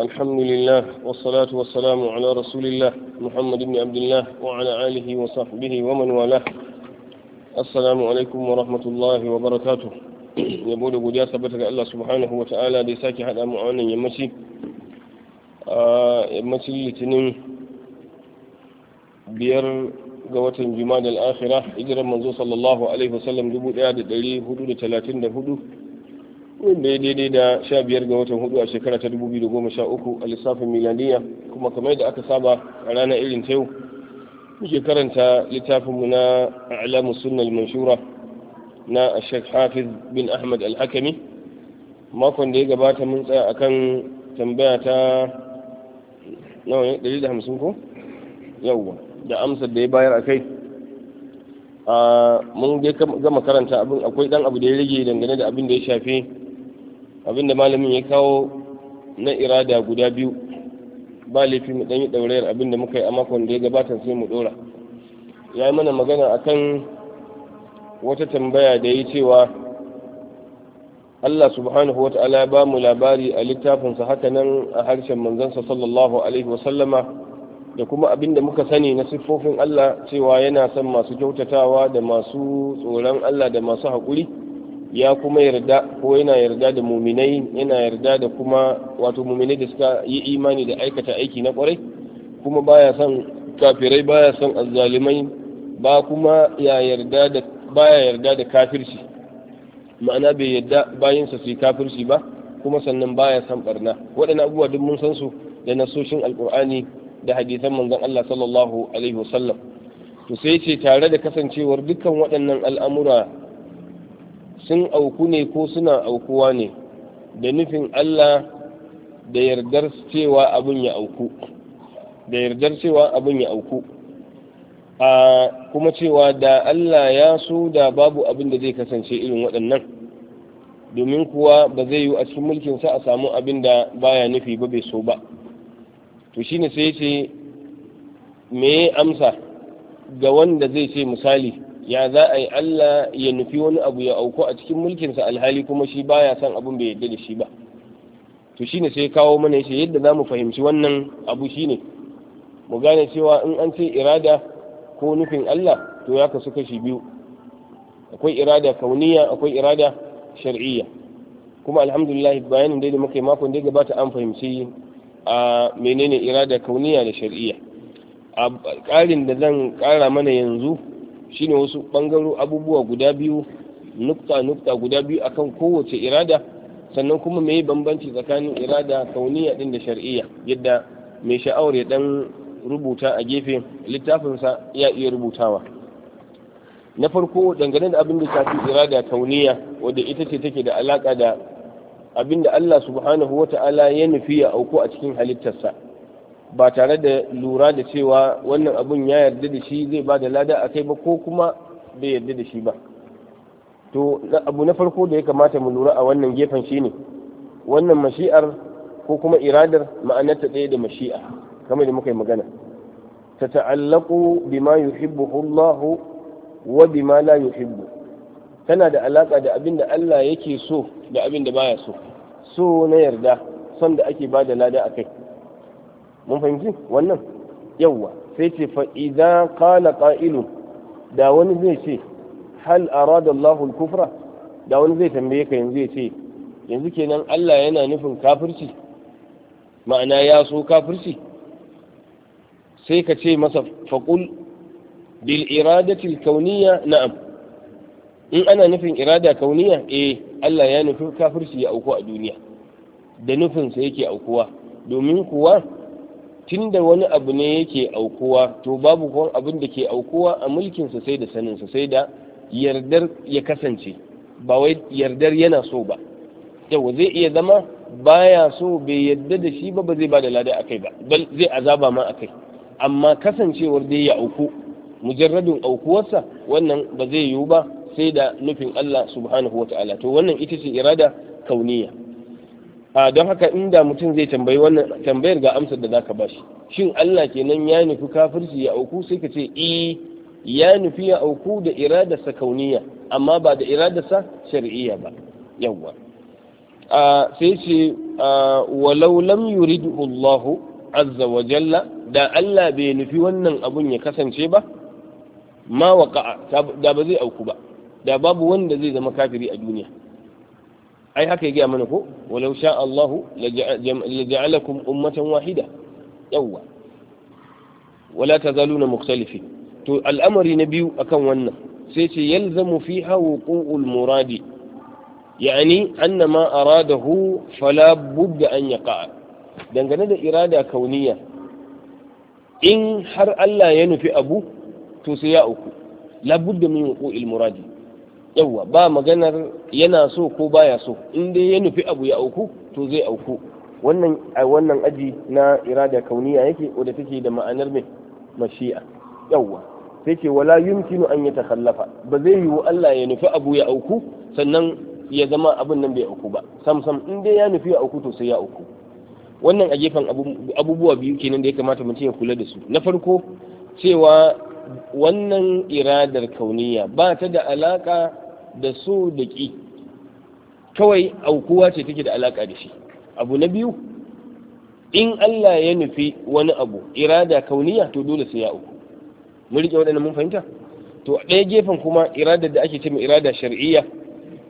الحمد لله والصلاة والسلام على رسول الله محمد بن عبد الله وعلى آله وصحبه ومن والاه السلام wa rahmatullahi wa barakatu yabo da godiya sabbata ga Allah subhanahu wa ta'ala da ya sake haɗa a wannan yammaci a yammacin litinin biyar ga watan juma'a da al'akhira hijiran manzo sallallahu alaihi wasallam wanda ya daidai da sha biyar ga watan hudu a shekara ta dubu biyu da goma sha uku a lissafin milaniya kuma kamar yadda aka saba a ranar irin ta yau muke karanta littafin littafinmu na alamu sunnal manshura na shek hafiz bin ahmad al-hakami makon da ya gabata mun tsaya akan tambaya ta nawa ne 150 ko yawwa da amsar da ya bayar a kai ah, mun dai gama karanta abin akwai ɗan abu da ya rage dangane da abin da ya shafi abinda malamin ya kawo na irada guda biyu ba laifi mu ɗanyi ɗaurayar abinda muka yi a makon da ya gabata sai mu ɗora ya yi mana magana a kan wata tambaya da ya cewa Allah subhanahu wa ta'ala ba mu labari a littafinsa haka nan a harshen manzansa sallallahu alaihi wa da kuma abinda muka sani na siffofin Allah cewa yana son masu kyautatawa da masu tsoron Allah da masu haƙuri ya kuma yarda ko yana yarda da muminai yana yarda da kuma wato muminai da suka yi imani da aikata aiki na kwarai kuma baya son kafirai baya son azzalimai ba kuma ya yarda da baya yarda kafirci ma'ana bai yarda bayansa su yi kafirci ba kuma sannan baya son barna waɗannan abubuwa duk mun san su da nasoshin alkur'ani da hadisan manzon Allah sallallahu alaihi wasallam to sai ce tare da kasancewar dukkan waɗannan al'amura sun auku ne ko suna aukuwa ne da nufin Allah da yardar cewa abin ya auku da yardar cewa abin ya auku a kuma cewa da Allah ya so da babu abin da zai kasance irin waɗannan domin kuwa ba zai yi a cikin mulkin mulkinsa a samu abin da baya nufi ba bai so ba to shine sai ce me amsa ga wanda zai ce misali ya za a yi Allah ya nufi wani abu ya auku a cikin mulkinsa alhali kuma shi baya san abin bai yadda da shi ba to shine sai kawo mana shi yadda za mu fahimci wannan abu shi ne. mu gane cewa in an ce irada ko nufin Allah to ya kasu kashi biyu akwai irada kauniya akwai irada shar'iyya kuma alhamdulillah bayanin da muka yi makon da gabata an fahimci a menene irada kauniya da shar'iyya a ƙarin da zan ƙara mana yanzu shine wasu bangaro abubuwa guda biyu nukta nukta guda biyu akan kowace irada sannan kuma mai bambanci tsakanin irada kauniya din da shar'iyya yadda mai sha'awar ya ɗan rubuta a gefe littafinsa ya iya rubutawa na farko dangane da abin da shafi irada kauniya wadda ita ce take da alaka da abin da Allah subhanahu wata'ala ya nufi ya auku a cikin halittarsa ba tare da lura da cewa wannan abun ya yarda da shi zai ba da lada a kai ba ko kuma bai yarda da shi ba to abu na farko da ya kamata mu lura a wannan gefen shi ne wannan mashi'ar ko kuma iradar ma'anarta ɗaya da mashi'a kamar da muka yi magana ta ta'allaku bima yuhibbu Hullahu wa bima la yuhibbu tana da alaka da abin da Allah yake so da abin da baya so so na yarda son da ake ba da lada a kai mun fahimci wannan yawwa sai ce fa idza qala qa'ilu da wani zai ce hal arada Allahu al-kufra da wani zai tambaye ka yanzu ya ce yanzu kenan Allah yana nufin kafirci ma'ana ya so kafirci sai ka ce masa faqul bil iradati al-kauniyya na'am in ana nufin irada kauniya eh Allah ya nufi kafirci ya auku a duniya da nufinsa yake aukuwa domin kuwa tunda wani abu ne yake aukuwa to babu kwan abin da ke aukuwa a mulkinsa sai da saninsa sai da yardar ya kasance ba wai yardar yana so ba yau zai iya zama baya so bai yarda da shi ba ba zai ba da lada akai ba bal zai azaba ma akai amma kasancewar dai ya auku mujarradin aukuwarsa wannan ba zai yiwu ba sai da nufin Allah subhanahu wa ta'ala to wannan ita ce irada kauniya don haka inda mutum zai tambayi wannan tambayar ga amsar da za zaka bashi shin Allah kenan ya nufi kafirci ya auku sai ka ce eh ya nufi ya auku da irada sa kauniya amma ba da irada sa shar'iyya ba a sai ce walau lam yuridu Allah azza wa jalla da Allah bai nufi wannan abun ya kasance ba ma waqa'a da ba zai auku ba da babu wanda zai zama kafiri a duniya ai haka ya gaya mana ko walau sha Allahu laja'alakum ummatan wahida yawwa wala tazaluna mukhtalifin to al'amari na biyu akan wannan sai ce yalzamu fiha wuqu'ul muradi yani anna ma aradahu fala budda an yaqa dangane da irada kauniya in har Allah ya nufi abu to sai ya uku la budda min wuqu'il muradi yawwa ba maganar yana so ko baya so in dai ya nufi abu ya auku to zai auku wannan a wannan aji na irada kauniya yake wadda take da ma'anar mai mashi'a yawwa sai ce wala yumkinu an yatakhallafa ba zai yiwu Allah ya nufi abu ya auku sannan ya zama abin nan bai auku ba sam sam in dai ya nufi ya auku to sai ya auku wannan a gefen abubuwa biyu kenan da ya kamata mutum ya kula da su na farko cewa wannan iradar kauniya ba ta da alaka da su da ƙi kawai aukuwa ce take da alaƙa da shi abu na biyu in Allah ya nufi wani abu irada kauniya to dole sai ya uku mun rike waɗannan mun fahimta to a ɗaya gefen kuma irada da ake cewa irada shar'iyya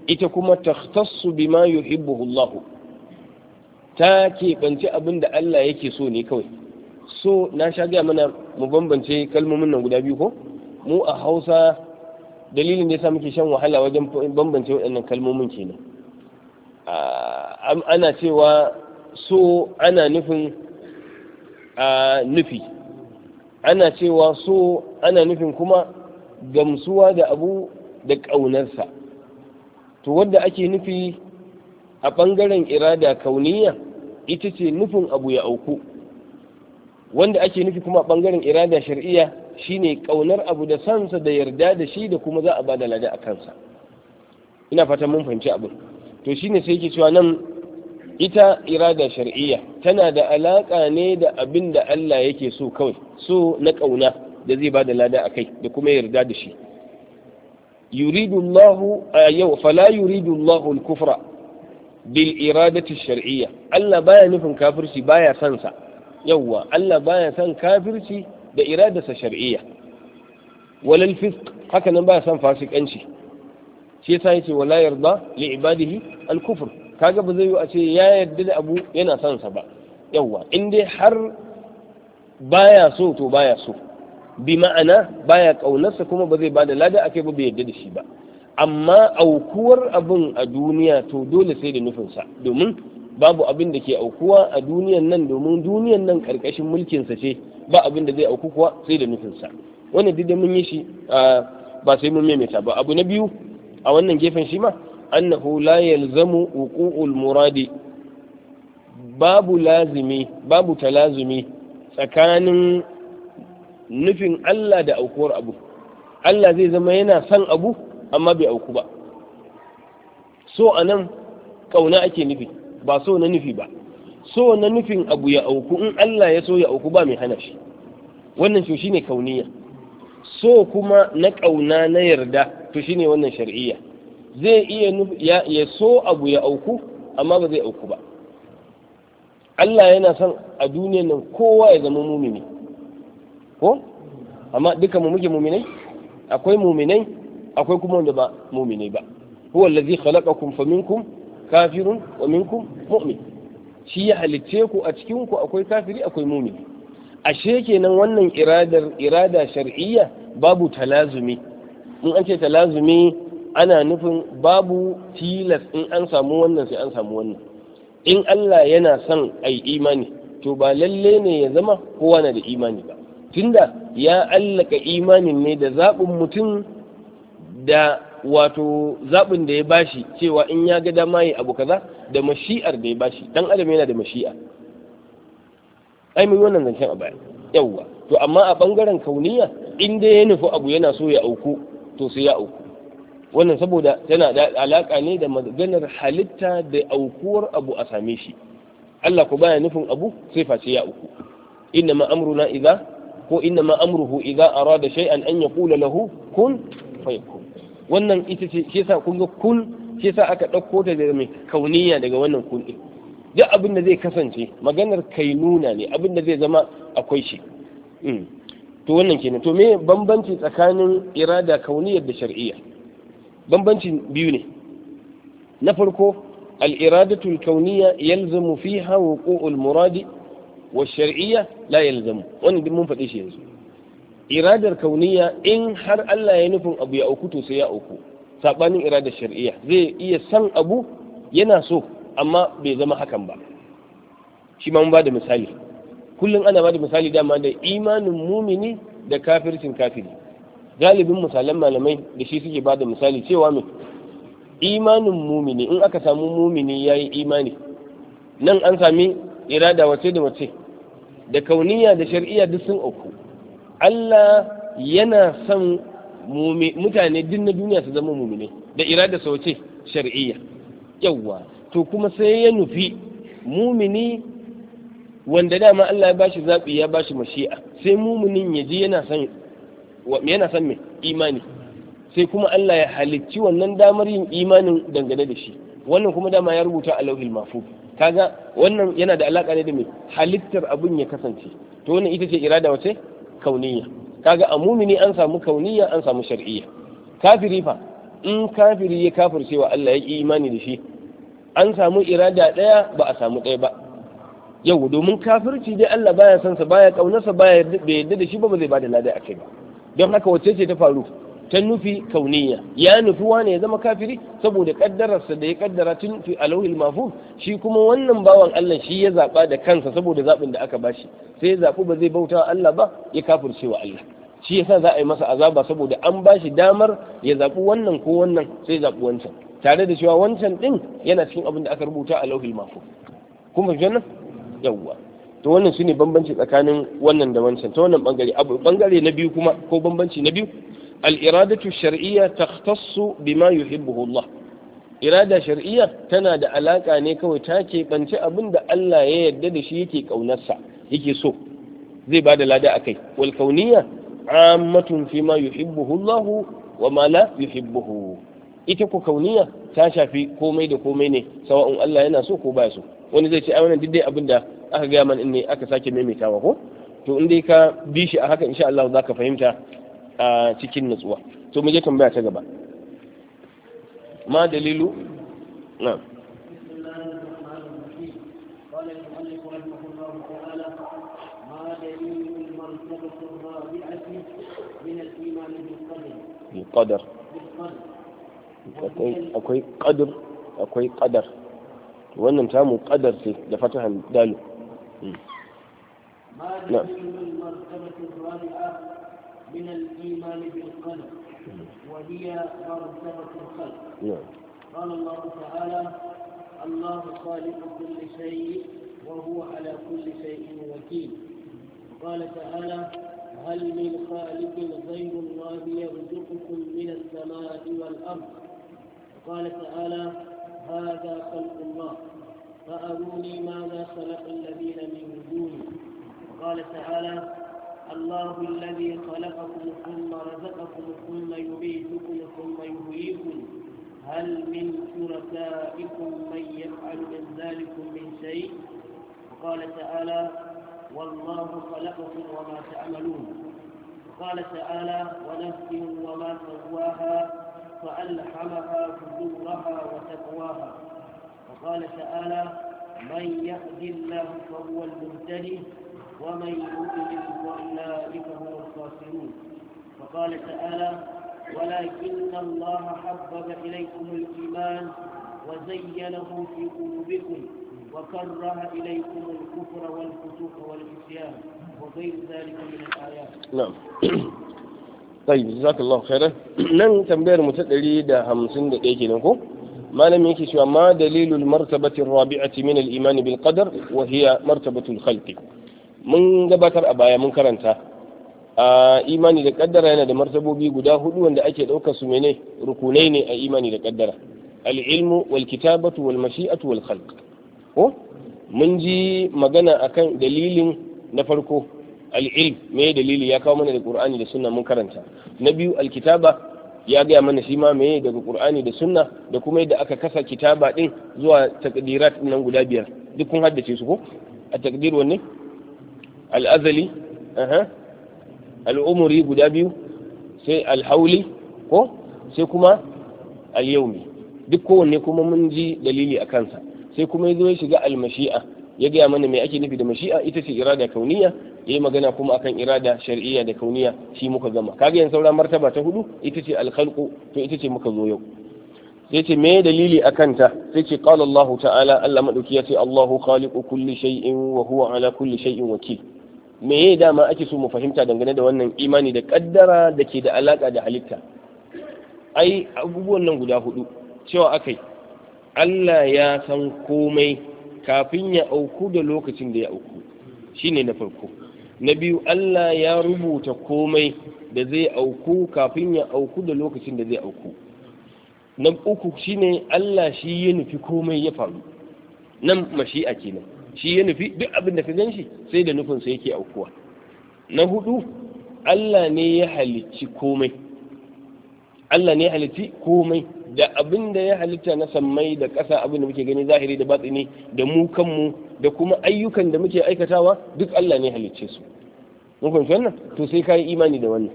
ita kuma takhtassu bima yuhibbuhu Allah ta keɓance abin da Allah yake so ne kawai so na sha gaya mana mu bambance kalmomin nan guda biyu ko mu a Hausa dalilin da ya sa muke shan wahala wajen bambance waɗannan kalmomin kenan ana cewa so ana nufin nufi ana cewa so ana nufin kuma gamsuwa da abu da ƙaunarsa to wadda ake nufi a ɓangaren irada kauniya ita ce nufin abu ya auku wanda ake nufi kuma a ɓangaren irada shari'a. shine kaunar abu da sansa da yarda da shi da kuma za a ba da lada a kansa ina fatan mun fahimci abin to shine sai yake cewa nan ita irada shar'iyya tana da alaka ne da abin da Allah yake so kawai so na kauna da zai ba da lada a kai da kuma yarda da shi yuridu Allah yau fala yuridu Allah al-kufra bil iradati shar'iyya Allah baya nufin kafirci baya sansa yawwa Allah baya san kafirci da iradarsa shar'iyya walal fisq haka nan baya son fasikanci shi yasa yace wala yarda li ibadihi al kufr kaga ba zai yi a ce ya yarda da abu yana son sa ba yawa in dai har baya so to baya so bi ma'ana baya kaunarsa kuma ba zai ba da lada akai ba bai yarda da shi ba amma aukuwar abun a duniya to dole sai da nufinsa domin babu abin da ke aukuwa a duniyan nan domin duniyan nan karkashin mulkinsa ce ba abin da zai auku kuwa sai da nufinsa wannan duk mun yi shi ba sai mun maimaita ba abu na biyu a wannan gefen shi ma annahu la yalzamu uqu'ul muradi babu lazimi babu talazumi tsakanin nufin Allah da aukuwar abu Allah zai zama yana son abu amma bai auku ba so anan kauna ake nufi ba so na nufi ba so na nufin abu ya auku in Allah ya so ya auku ba mai hana shi wannan shi shine kauniya so kuma na kauna na yarda to shine wannan shar'iyya zai iya ya, ya so abu ya auku amma ba zai auku ba Allah yana son a duniyar nan kowa ya zama mumini ko amma duka mu muke muminai akwai muminai akwai kuma wanda ba muminai ba huwa allazi khalaqakum faminkum kafirun wa minkum mu'min shi ya halicce ku a cikin ku akwai kafiri akwai mumin ashe kenan wannan iradar irada shar'iyya babu talazumi in an ce talazumi ana nufin babu tilas in an samu wannan sai an samu wannan in Allah yana son ai imani to ba lalle ne ya zama kowa na da imani ba tunda ya allaka imanin ne da zaɓin mutum da wato zaɓin da ya bashi cewa in ya ga dama yi abu kaza da mashi'ar da ya bashi dan adam yana da mashi'a ai mun wannan zancen a baya yawwa to amma a ɓangaren kauniya in dai ya nufi abu yana so ya auku to sai ya auku wannan saboda tana da alaka ne da maganar halitta da aukuwar abu a same shi Allah ku baya nufin abu sai face ya auku inna ma amruna idza ko inna ma amruhu idza arada shay'an an yaqula lahu kun fayakun wannan ita ce shi yasa kun ga kun shi yasa aka ɗauko ta da mai kauniya daga wannan kun din duk abin da zai kasance maganar kai nuna ne abin da zai zama akwai shi hmm. to wannan kenan to me bambanci tsakanin irada kauniyar da shar'iyya bambanci biyu ne na farko al-iradatu al yalzamu fiha wuqu'u al-muradi wa shar'iyya la yalzamu wannan mun faɗi shi yanzu iradar kauniya in har Allah ya nufin abu ya auku to sai ya auku sabanin iradar shar'iyya zai iya san abu yana so amma bai zama hakan ba shi ma mun bada misali kullum ana bada misali dama da imanin mumini da kafircin kafiri galibin misalan malamai da shi suke bada misali cewa mai imanin mumini in aka samu mumini yayi imani nan an sami irada wace da wace da kauniya da shari'a duk sun auku Allah yana son mutane din na duniya su zama mumine da irada sa wace shar'iyya yawa to kuma sai ya nufi mumini wanda dama Allah ya bashi zaɓi ya bashi mashi'a sai muminin ya ji yana son yana son me imani sai kuma Allah ya halicci wannan damar yin imanin dangane da shi wannan kuma dama ya rubuta a lauhil mafu kaga wannan yana da alaka ne da me halittar abun ya kasance to wannan ita ce irada wace kauniya kaga a mumini an samu kauniya an samu shar'iyya kafiri fa in kafiri ya kafirce wa Allah ya yi imani da shi an samu irada ɗaya ba a samu ɗaya ba yau domin kafirci dai Allah baya son sa baya kaunarsa baya yarda da shi ba ba zai bada lada a kai ba don haka wacce ce ta faru ta nufi kauniya ya nufi wane ya zama kafiri saboda kaddararsa da ya kaddara tun fi alauhil mafhum shi kuma wannan bawan Allah shi ya zaba da kansa saboda zabin da aka bashi sai ya zabu ba zai bauta Allah ba ya kafirce wa Allah shi yasa za a yi masa azaba saboda an bashi damar ya zabu wannan ko wannan sai ya zabu wancan tare da cewa wancan din yana cikin abin da aka rubuta a lauhil mafhum kun fahimci wannan yawwa to wannan shine bambanci tsakanin wannan da wancan ta wannan bangare abu bangare na biyu kuma ko bambanci na biyu al'iradatu shar'iyya takhtassu bima yuhibbuhu Allah irada shar'iyya tana da alaka ne kawai ta keɓance abin da Allah ya yarda da shi yake kaunarsa yake so zai ba da lada a kai. kauniyya ammatun fi ma yuhibbuhu Allah wa ma la ita ko kauniya ta shafi komai da komai ne sawa'un Allah yana so ko baya so wani zai ci ai wannan dai abin da aka gaya man ne aka sake maimaitawa ko to in dai ka bi shi a haka insha Allah zaka fahimta a cikin nutsuwa to mu tambaya ta gaba ma dalilu na'am ƙadar. akwai qadar akwai qadar wannan tamu qadar ce da fatahan dalu نعم hmm. من الإيمان بالقدر وهي مرتبة الخلق نعم. قال الله تعالى الله خالق كل شيء وهو على كل شيء وكيل قال تعالى هل من خالق غير الله يرزقكم من السماء والأرض قال تعالى هذا خلق الله فأروني ماذا خلق الذين من دونه قال تعالى الله الذي خلقكم ثم رزقكم ثم يبيتكم ثم يحييكم هل من شركائكم من يفعل من ذلكم من شيء وقال تعالى والله خلقكم وما تعملون قال تعالى ونفس وما سواها فألحمها فجورها وتقواها وقال تعالى من يهد الله فهو المهتدي ومن يؤمن فأولئك هم الخاسرون وقال تعالى ولكن الله حبب إليكم الإيمان وزينه في قلوبكم وكره إليكم الكفر والفسوق والعصيان وغير ذلك من الآيات نعم طيب جزاك الله خيرا nan tambayar mu ta 151 kenan ko malamin yake cewa ma dalilul martabati rabi'ati min al-iman bil qadar wa hiya martabatu al mun gabatar a baya mun karanta a imani da kaddara yana da martabobi guda hudu wanda ake ɗaukar su mene rukunai ne a imani da kaddara Al'ilmu, wal kitabatu wal mashi'atu wal khalq ko mun ji magana akan dalilin na farko al'ilm me dalili ya kawo mana da qur'ani da sunna mun karanta na biyu al-kitaba ya gaya mana shi ma me daga qur'ani da sunna da kuma yadda aka kasa kitaba din zuwa takdirat nan guda biyar duk kun haddace su ko a takdir wanne al'azali al'umuri guda biyu sai alhauli ko sai kuma alyaumi duk kowanne kuma mun ji dalili a kansa sai kuma ya zo ya shiga almashi'a ya gaya mana mai ake nufi da mashi'a ita ce irada kauniya ya yi magana kuma akan irada shar'iyya da kauniya shi muka gama kaga yan saura martaba ta hudu ita ce alkhalqu to ita ce muka zo yau sai ce me dalili a kanta sai ce qala Allah ta'ala Allah madauki ya ce Allahu khaliqu kulli shay'in wa huwa ala kulli shay'in wakil Me ya dama ake so mu fahimta dangane da wannan imani da kaddara da ke da alaka da halitta ai abubuwan nan guda hudu cewa akai Allah ya san komai kafin ya auku da lokacin da ya auku shine na farko na biyu Allah ya rubuta komai da zai auku kafin ya auku da lokacin da zai auku na uku shine Allah shi ya nufi komai ya faru nan mashi'a kenan shi ya nufi duk abin da ka gan shi sai da nufinsa yake aukuwa na hudu Allah ne ya halicci komai Allah ne ya halicci komai da abin da ya halitta na sammai da ƙasa abin da muke gani zahiri da batsini da mu kanmu da kuma ayyukan da muke aikatawa duk Allah ne ya halicce su mun wannan to sai ka imani da wannan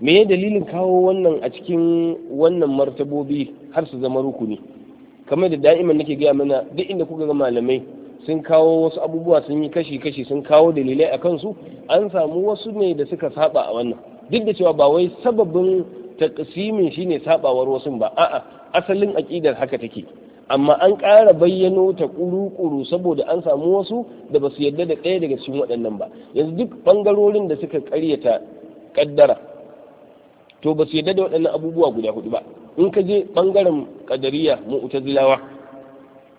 me ya dalilin kawo wannan a cikin wannan martabobi har su zama rukuni kamar da da'iman nake gaya mana duk inda kuka ga malamai sun kawo wasu abubuwa sun yi kashi-kashi sun kawo dalilai a kansu an samu wasu ne da suka saba a wannan duk da cewa ba wai sababin taƙasimin ne sabawar wasu ba a'a asalin aƙidar haka take amma an ƙara bayyano ta ƙuru-ƙuru saboda an samu wasu da ba su yarda da ɗaya daga cikin waɗannan ba yanzu duk ɓangarorin da suka ƙaryata ƙaddara to ba su yarda da waɗannan abubuwa guda hudu ba in ka je ɓangaren ƙadariya mu'tazilawa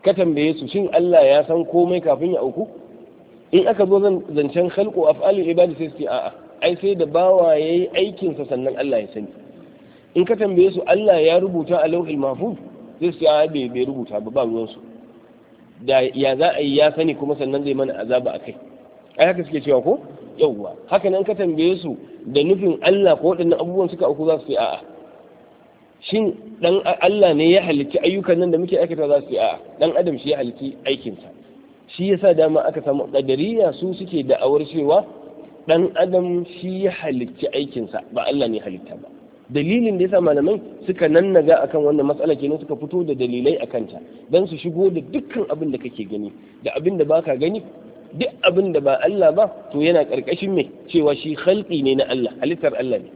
ka tambaye su shin Allah ya san komai kafin ya auku in aka zo zancen khalqu af'alul ibadi sai su a'a ai sai da bawa yayi aikin sa sannan Allah ya sani in ka tambaye su Allah ya rubuta a lauhil mahfuz sai su a'a bai bai rubuta ba ba ruwan su da ya za a yi ya sani kuma sannan zai mana azaba akai ai haka suke cewa ko yauwa haka nan ka tambaye su da nufin Allah ko waɗannan abubuwan suka auku za su yi a'a shin dan Allah ne ya halitta ayyukan nan da muke aikata za su yi a dan adam shi ya halitta aikinsa shi yasa dama aka samu kadariya su suke da'awar cewa dan adam shi ya halitta aikinsa ba Allah ne halitta ba dalilin da yasa malamai suka nannaga akan wannan matsala kenan suka fito da dalilai akan ta dan su shigo da dukkan abin da kake gani da abin da baka gani duk abin da ba Allah ba to yana karkashin me cewa shi khalqi ne na Allah halittar Allah ne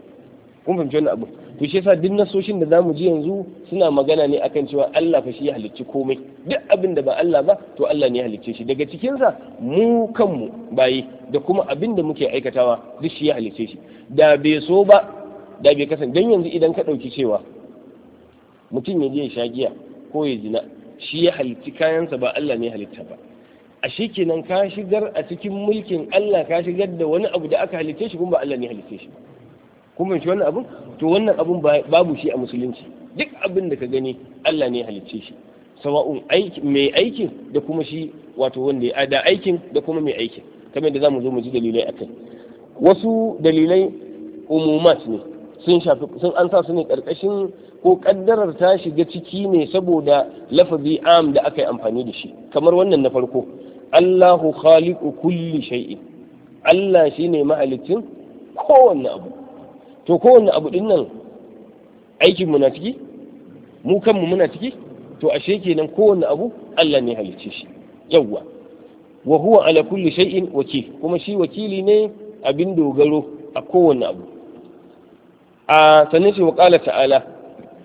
kun fahimci wannan abu to shi yasa duk nasoshin da zamu ji yanzu suna magana ne akan cewa Allah fa shi ya halicci komai duk abin da ba Allah ba to Allah ne ya halicce shi daga cikin sa mu kanmu bayi da kuma abin da muke aikatawa duk shi ya halicce shi da bai so ba da bai kasan. dan yanzu idan ka dauki cewa mutum ya je ya sha giya ko ya jina, shi ya halicci kayansa ba Allah ne ya halitta ba a shi ka shigar a cikin mulkin Allah ka shigar da wani abu da aka halicce shi kuma ba Allah ne ya halicce shi ba kuma shi wannan abun to wannan abun babu shi a musulunci duk abin da ka gani Allah ne halicce shi sawa'un mai aikin da kuma shi wato wanda ya da aikin da kuma mai aikin kamar da zamu zo mu ji dalilai akai wasu dalilai umumat ne sun shafi sun an sa su ne karkashin ko kaddarar ta shiga ciki ne saboda lafazi am da aka yi amfani da shi kamar wannan na farko Allahu khaliqu kulli shay'in Allah shine mahalicin kowanne abu to kowanne abu din nan aikin mu na ciki mu kanmu muna ciki to ashe kenan kowanne abu Allah ne halicce shi yawwa wa huwa ala kulli shay'in wakil kuma shi wakili ne abin dogaro a kowanne abu a sanin shi wa ta'ala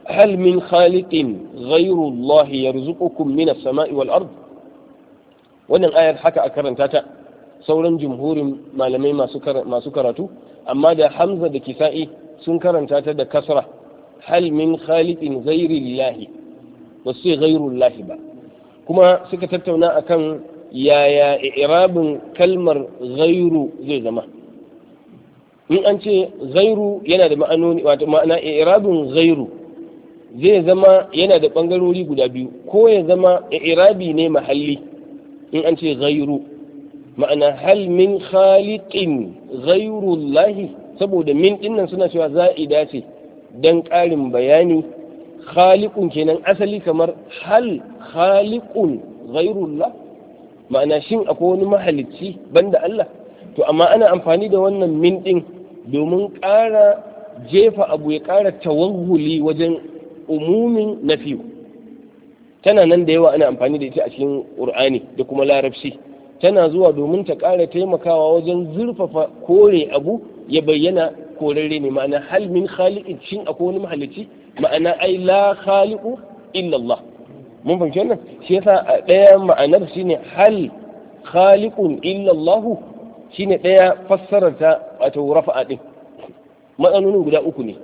hal min khaliqin ghayru Allah yarzuqukum min as-sama'i wal ard wannan ayar haka a karanta ta sauran jumhurin malamai masu karatu amma da hamza da kisa'i sun karanta ta da kasra hal min khaliqin ghairi lillahi ba sai ghairu lillahi ba kuma suka tattauna akan yaya irabin kalmar ghairu zai zama in an ce ghairu yana da ma'anoni wato ma'ana irabin ghairu zai zama yana da bangarori guda biyu ko ya zama irabi ne mahalli in an ce ghairu ma'ana hal min khaliqin saboda min dinnan suna cewa za'ida ce dan ƙarin bayani khaliqun kenan asali kamar hal khaliqun ghayrullah ma'ana shin akwai wani mahalicci banda Allah to amma ana amfani da wannan min din domin ƙara jefa abu ya ƙara tawahuli wajen umumin nafiyu tana nan da yawa ana amfani da ita a cikin qur'ani da kuma larabci tana zuwa domin ta ƙara taimakawa wajen zurfafa kore abu ya bayyana korarre ne ma'ana hal min khaliqin shin akwai wani mahalicci ma'ana ai la khaliqu illa Allah mun fahimci wannan shi yasa a ɗaya ma'anar shine hal khaliqun illa Allah shine ɗaya fassarar ta wato rafa'a din matsalolin guda uku ne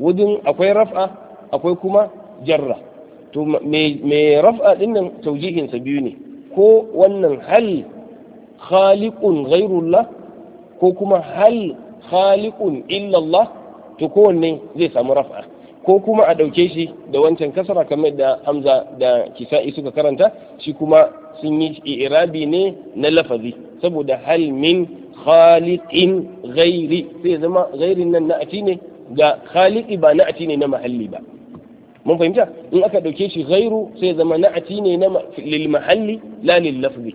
wajen akwai raf'a akwai kuma jarra to me raf'a din nan biyu ne ko wannan hal khaliqun ghairullah ko kuma hal khaliqun illallah to kowanne zai samu raf'a ko kuma a ɗauke shi da wancan kasara kamar da hamza da kisa'i suka karanta shi kuma sun yi irabi ne na lafazi saboda hal min khaliqin ghairi sai zama ghairin nan na'ati ne ga khaliqi ba na'ati ne na mahalli ba mun fahimta in aka ɗauke shi ghairu sai zama na'ati ne na lil mahalli la lil lafzi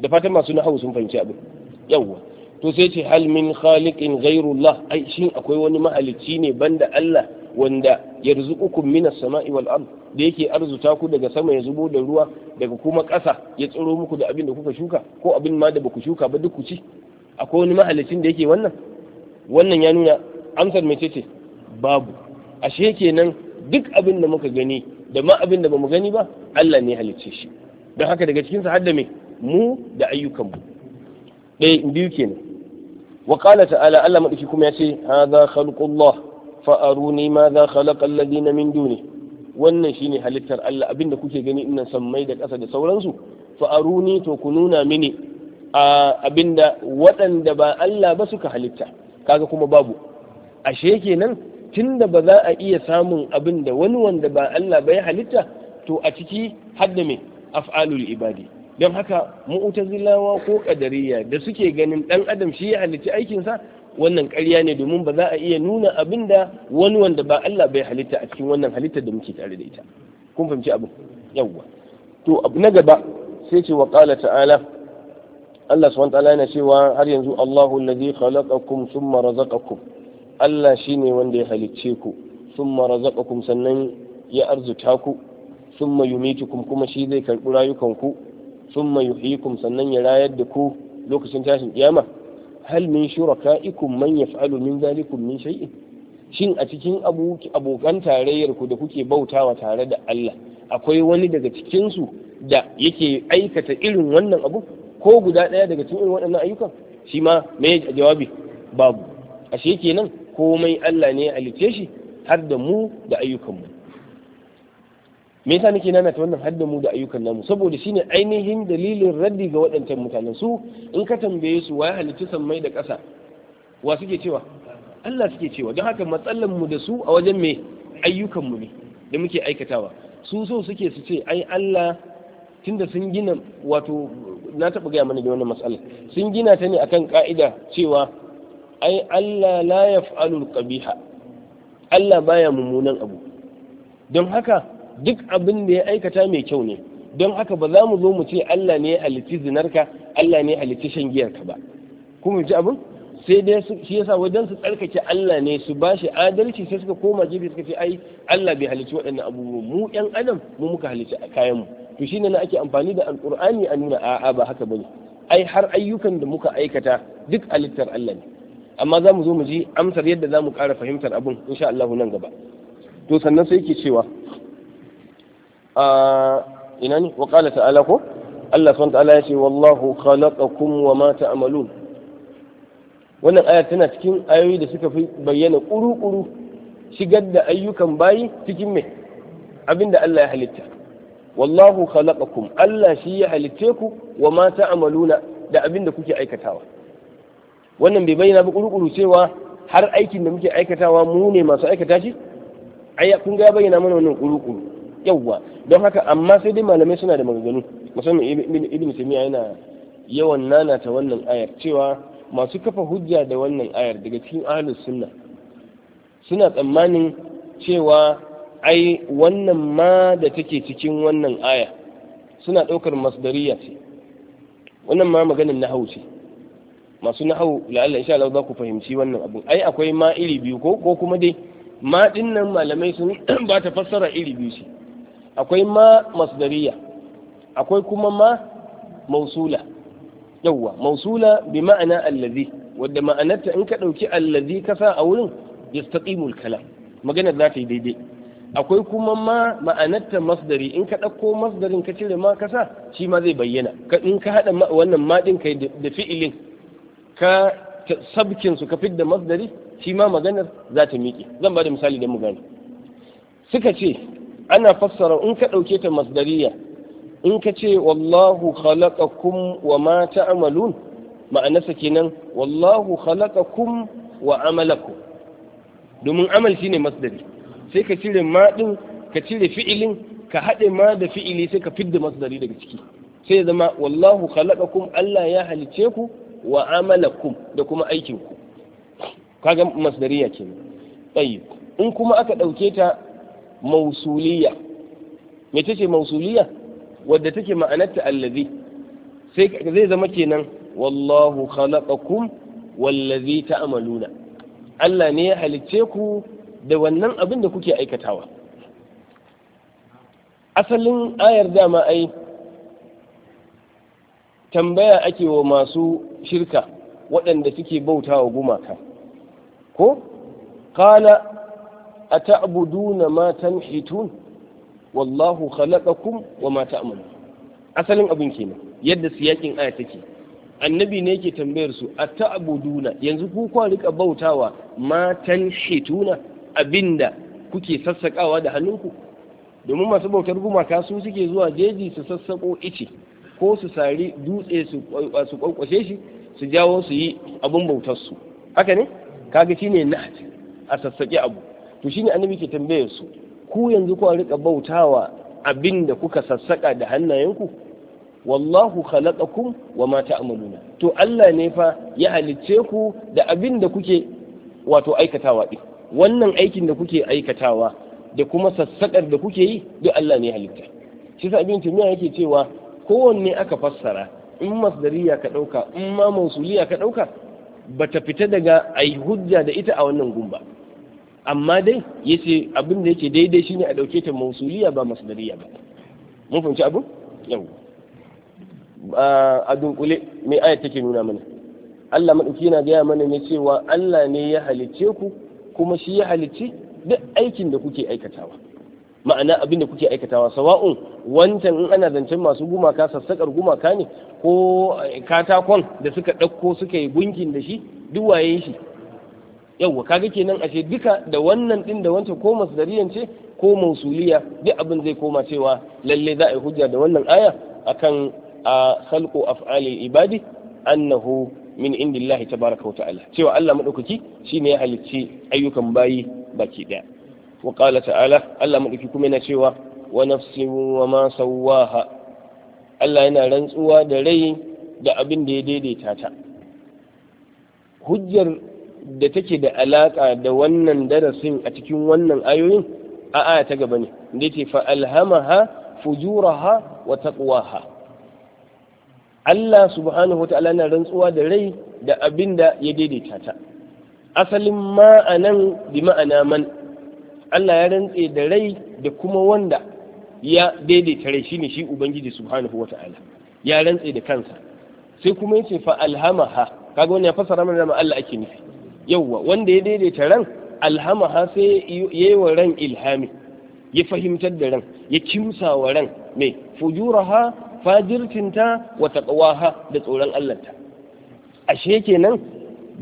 da fatan masu nahawu sun fahimci abin yawwa to sai ce hal min khaliqin ai shin akwai wani mahalicci ne banda Allah wanda yarzuqukum minas sama'i wal ard da yake arzuta ku daga sama ya zubo da ruwa daga kuma ƙasa ya tsiro muku da abin da kuka shuka ko abin ma da baku shuka ba duk ku ci akwai wani mahalicci da yake wannan wannan ya nuna amsar mai ce babu ashe kenan duk abin da muka gani da ma abin da bamu gani ba Allah ne halicce shi don haka daga cikin sa hadda mai mu da ayyukanmu ɗaya biyu kenan wa qala ta'ala Allah madauki kuma ya ce hadha khalqullah fa aruni ma za khalaqa alladhina min duni wannan shine halittar Allah abinda kuke gani ina samai da ƙasa da sauransu fa aruni to ku nuna mini abinda waɗanda ba Allah ba suka halitta kaga kuma babu ashe kenan tunda ba za a iya samun abinda wani wanda ba Allah ba ya halitta to a ciki hadda me af'alul ibadi don haka mu'tazilawa ko kadariya da suke ganin dan adam shi ya halitta aikinsa wannan ƙarya ne domin ba za a iya nuna abin da wani wanda ba Allah bai halitta a cikin wannan halitta da muke tare da ita kun fahimci abu yawwa to abu na gaba sai ce wa qala ta'ala Allah subhanahu ta'ala yana cewa har yanzu Allahu allazi khalaqakum thumma razaqakum Allah shine wanda ya halicce ku thumma razaqakum sannan ya arzuta ku thumma yumitukum kuma shi zai karɓi rayukanku thumma yuhyikum sannan ya rayar da ku lokacin tashin kiyama hal min shuraka'ikum man yaf'alu min zalikum min shay'in shin a cikin abokan tarayyar ku da kuke bautawa tare da Allah akwai wani daga cikin su da yake aikata irin wannan abu ko guda ɗaya daga cikin irin waɗannan ayyukan shi ma mai jawabi babu ashe kenan komai Allah ne ya alice shi har da mu da ayyukan mu me yasa nake nana ta wannan haddamu da ayyukan namu saboda shine ainihin dalilin raddi ga waɗancan mutanen su in ka tambaye su waye halitta sammai da ƙasa wa suke cewa Allah suke cewa don haka matsalan mu da su a wajen me ayyukan mu ne da muke aikatawa su so suke su ce ai Allah tunda sun gina wato na taɓa gaya mana da wannan matsala sun gina ta ne akan ka'ida cewa ai Allah la yaf'alul qabiha Allah baya mummunan abu don haka duk abin da ya aikata mai kyau ne don haka ba za mu zo mu ce Allah ne ya halitti zinarka Allah ne ya halitti shan giyarka ba kuma ji abin sai dai shi yasa wajen su tsarkake Allah ne su ba shi adalci sai suka koma jibi suka ce ai Allah bai halicci waɗannan abubuwa mu ƴan adam mu muka halicci kayan mu to shine na ake amfani da alqur'ani a nuna a'a ba haka bane ai har ayyukan da muka aikata duk halittar Allah ne amma za mu zo mu ji amsar yadda za mu ƙara fahimtar abin insha Allah nan gaba to sannan sai ke cewa a ina ne wa kala ta'ala ko Allah subhanahu ta'ala ya ce wallahu khalaqakum wa ma ta'malun wannan aya tana cikin ayoyi da suka fi bayyana kuru-kuru shigar da ayyukan bayi cikin me abinda Allah ya halitta wallahu khalaqakum Allah shi ya halitte ku wa ma ta'maluna da abinda kuke aikatawa wannan bai bayyana ba kuru-kuru cewa har aikin da muke aikatawa mu ne masu aikata shi ai kun ga bayyana mana wannan kuru-kuru yawwa don haka amma sai dai malamai suna da maganganu musamman ibn taymiya yana yawan ta wannan ayar cewa masu kafa hujja da wannan ayar daga cikin ahlus sunna suna tsammanin cewa ai wannan ma da take cikin wannan aya suna ɗaukar masdariya ce wannan ma maganin nahawu ce masu nahawu la'alla insha Allah za ku fahimci wannan abin ai akwai ma iri biyu ko ko kuma dai ma dinnan malamai sun ba ta fassara iri biyu ce akwai ma masdariya akwai kuma ma mausula yawwa mausula bi ma'ana allazi wadda ma'anarta in ka ɗauki allazi ka sa a wurin yastaqimul kalam magana za ta yi daidai akwai kuma ma ma'anarta masdari in ka ɗauko masdarin ka cire ma sa shi ma zai bayyana in ka haɗa wannan maɗin kai da fi'ilin ka sabkin su ka fidda masdari shi ma maganar za ta miƙe zan ba da misali don mu gani suka ce ana fassara in ka ɗauke ta masdariya in ka ce wallahu khalaqakum wa ma ta'malun ma'anarsa kenan wallahu khalaqakum wa amalakum domin amal shine masdari sai ka cire ma din ka cire fi'ilin ka haɗe ma da fi'ili sai ka fidda masdari daga ciki sai ya zama wallahu khalaqakum Allah ya halice ku wa amalakum da kuma aikin ku kaga masdariya kenan tayyib in kuma aka ɗauke ta mausuliya me ce mausuliya wadda take ma'anarta allazi sai zai zama kenan wallahu khalaqakum wallazi ta'maluna Allah ne ya halicce ku da wannan abin da kuke aikatawa asalin ayar dama ai tambaya ake wa masu shirka waɗanda suke bautawa gumaka ko kala أتعبدون ما تنحتون wallahu خلقكم وما تعملون asalin abin kenan yadda siyakin aya take annabi ne yake tambayar su Ata abuduna, yanzu ku kwa rika bautawa matan shetuna abinda kuke sassakawa da hannunku domin masu bautar gumaka su suke zuwa jeji su sassaƙo ice ko su sari dutse su kwankwashe shi su jawo su yi abin bautar su haka ne kaga shine nahat a sassake abu to shine annabi ke tambaye su ku yanzu ku rika bautawa da kuka sassaka da hannayenku wallahu khalaqakum wa ma ta'maluna to Allah ne fa ya halicce ku da abinda kuke wato aikatawa din wannan aikin da kuke aikatawa da kuma sassakar da kuke yi duk Allah ne halitta shi sa abin tumiya yake cewa kowanne aka fassara in masdariya ka dauka in ma mausuliya ka dauka bata fita daga ai hujja da ita a wannan gumba amma dai yace abin da yake daidai shine a dauke ta mausuliya ba masdariya ba mun fahimci abu yau a dunkule me aya take nuna mana Allah madauki yana gaya mana ne cewa Allah ne ya halicce ku kuma shi ya halicci duk aikin da kuke aikatawa ma'ana abin da kuke aikatawa sawa'un wancan in ana zancen masu gumaka sassakar gumaka ne ko eh, katakon da suka ɗauko suka yi gunkin da shi duwaye shi yawwa kaga kenan a ce duka da wannan din da wancan ko masdariyan ce ko mausuliya duk abin zai koma cewa lalle za a yi hujja da wannan aya akan a khalqu af'ali ibadi annahu min indillahi tabaraka wa ta'ala cewa Allah madaukaki shine ya halicci ayyukan bayi baki daya wa qala ta'ala Allah madaukaki kuma yana cewa wa nafsi wa ma sawwaha Allah yana rantsuwa da rai da abin da ya daidaita ta hujjar da take da alaƙa da wannan darasin a cikin wannan ayoyin a aya ta gaba ne da ce fa'alhamaha fujuraha wa taqwaha Allah subhanahu wata'ala na rantsuwa da rai da abin da ya daidaita ta asalin ma'anan bi ma'ana man Allah ya rantse da rai da kuma wanda ya daidaita rai shine shi ubangiji subhanahu wata'ala ya rantse da kansa sai kuma yace fa alhamaha kaga wani ya fasara mana da Allah ake nufi yawwa wanda ya daidaita ran alhama alhamaha sai ya yi wa ran ilhami ya fahimtar da ran ya kimsa wa ran mai ha fajircinta wa ha da tsoron Allahnta ashe kenan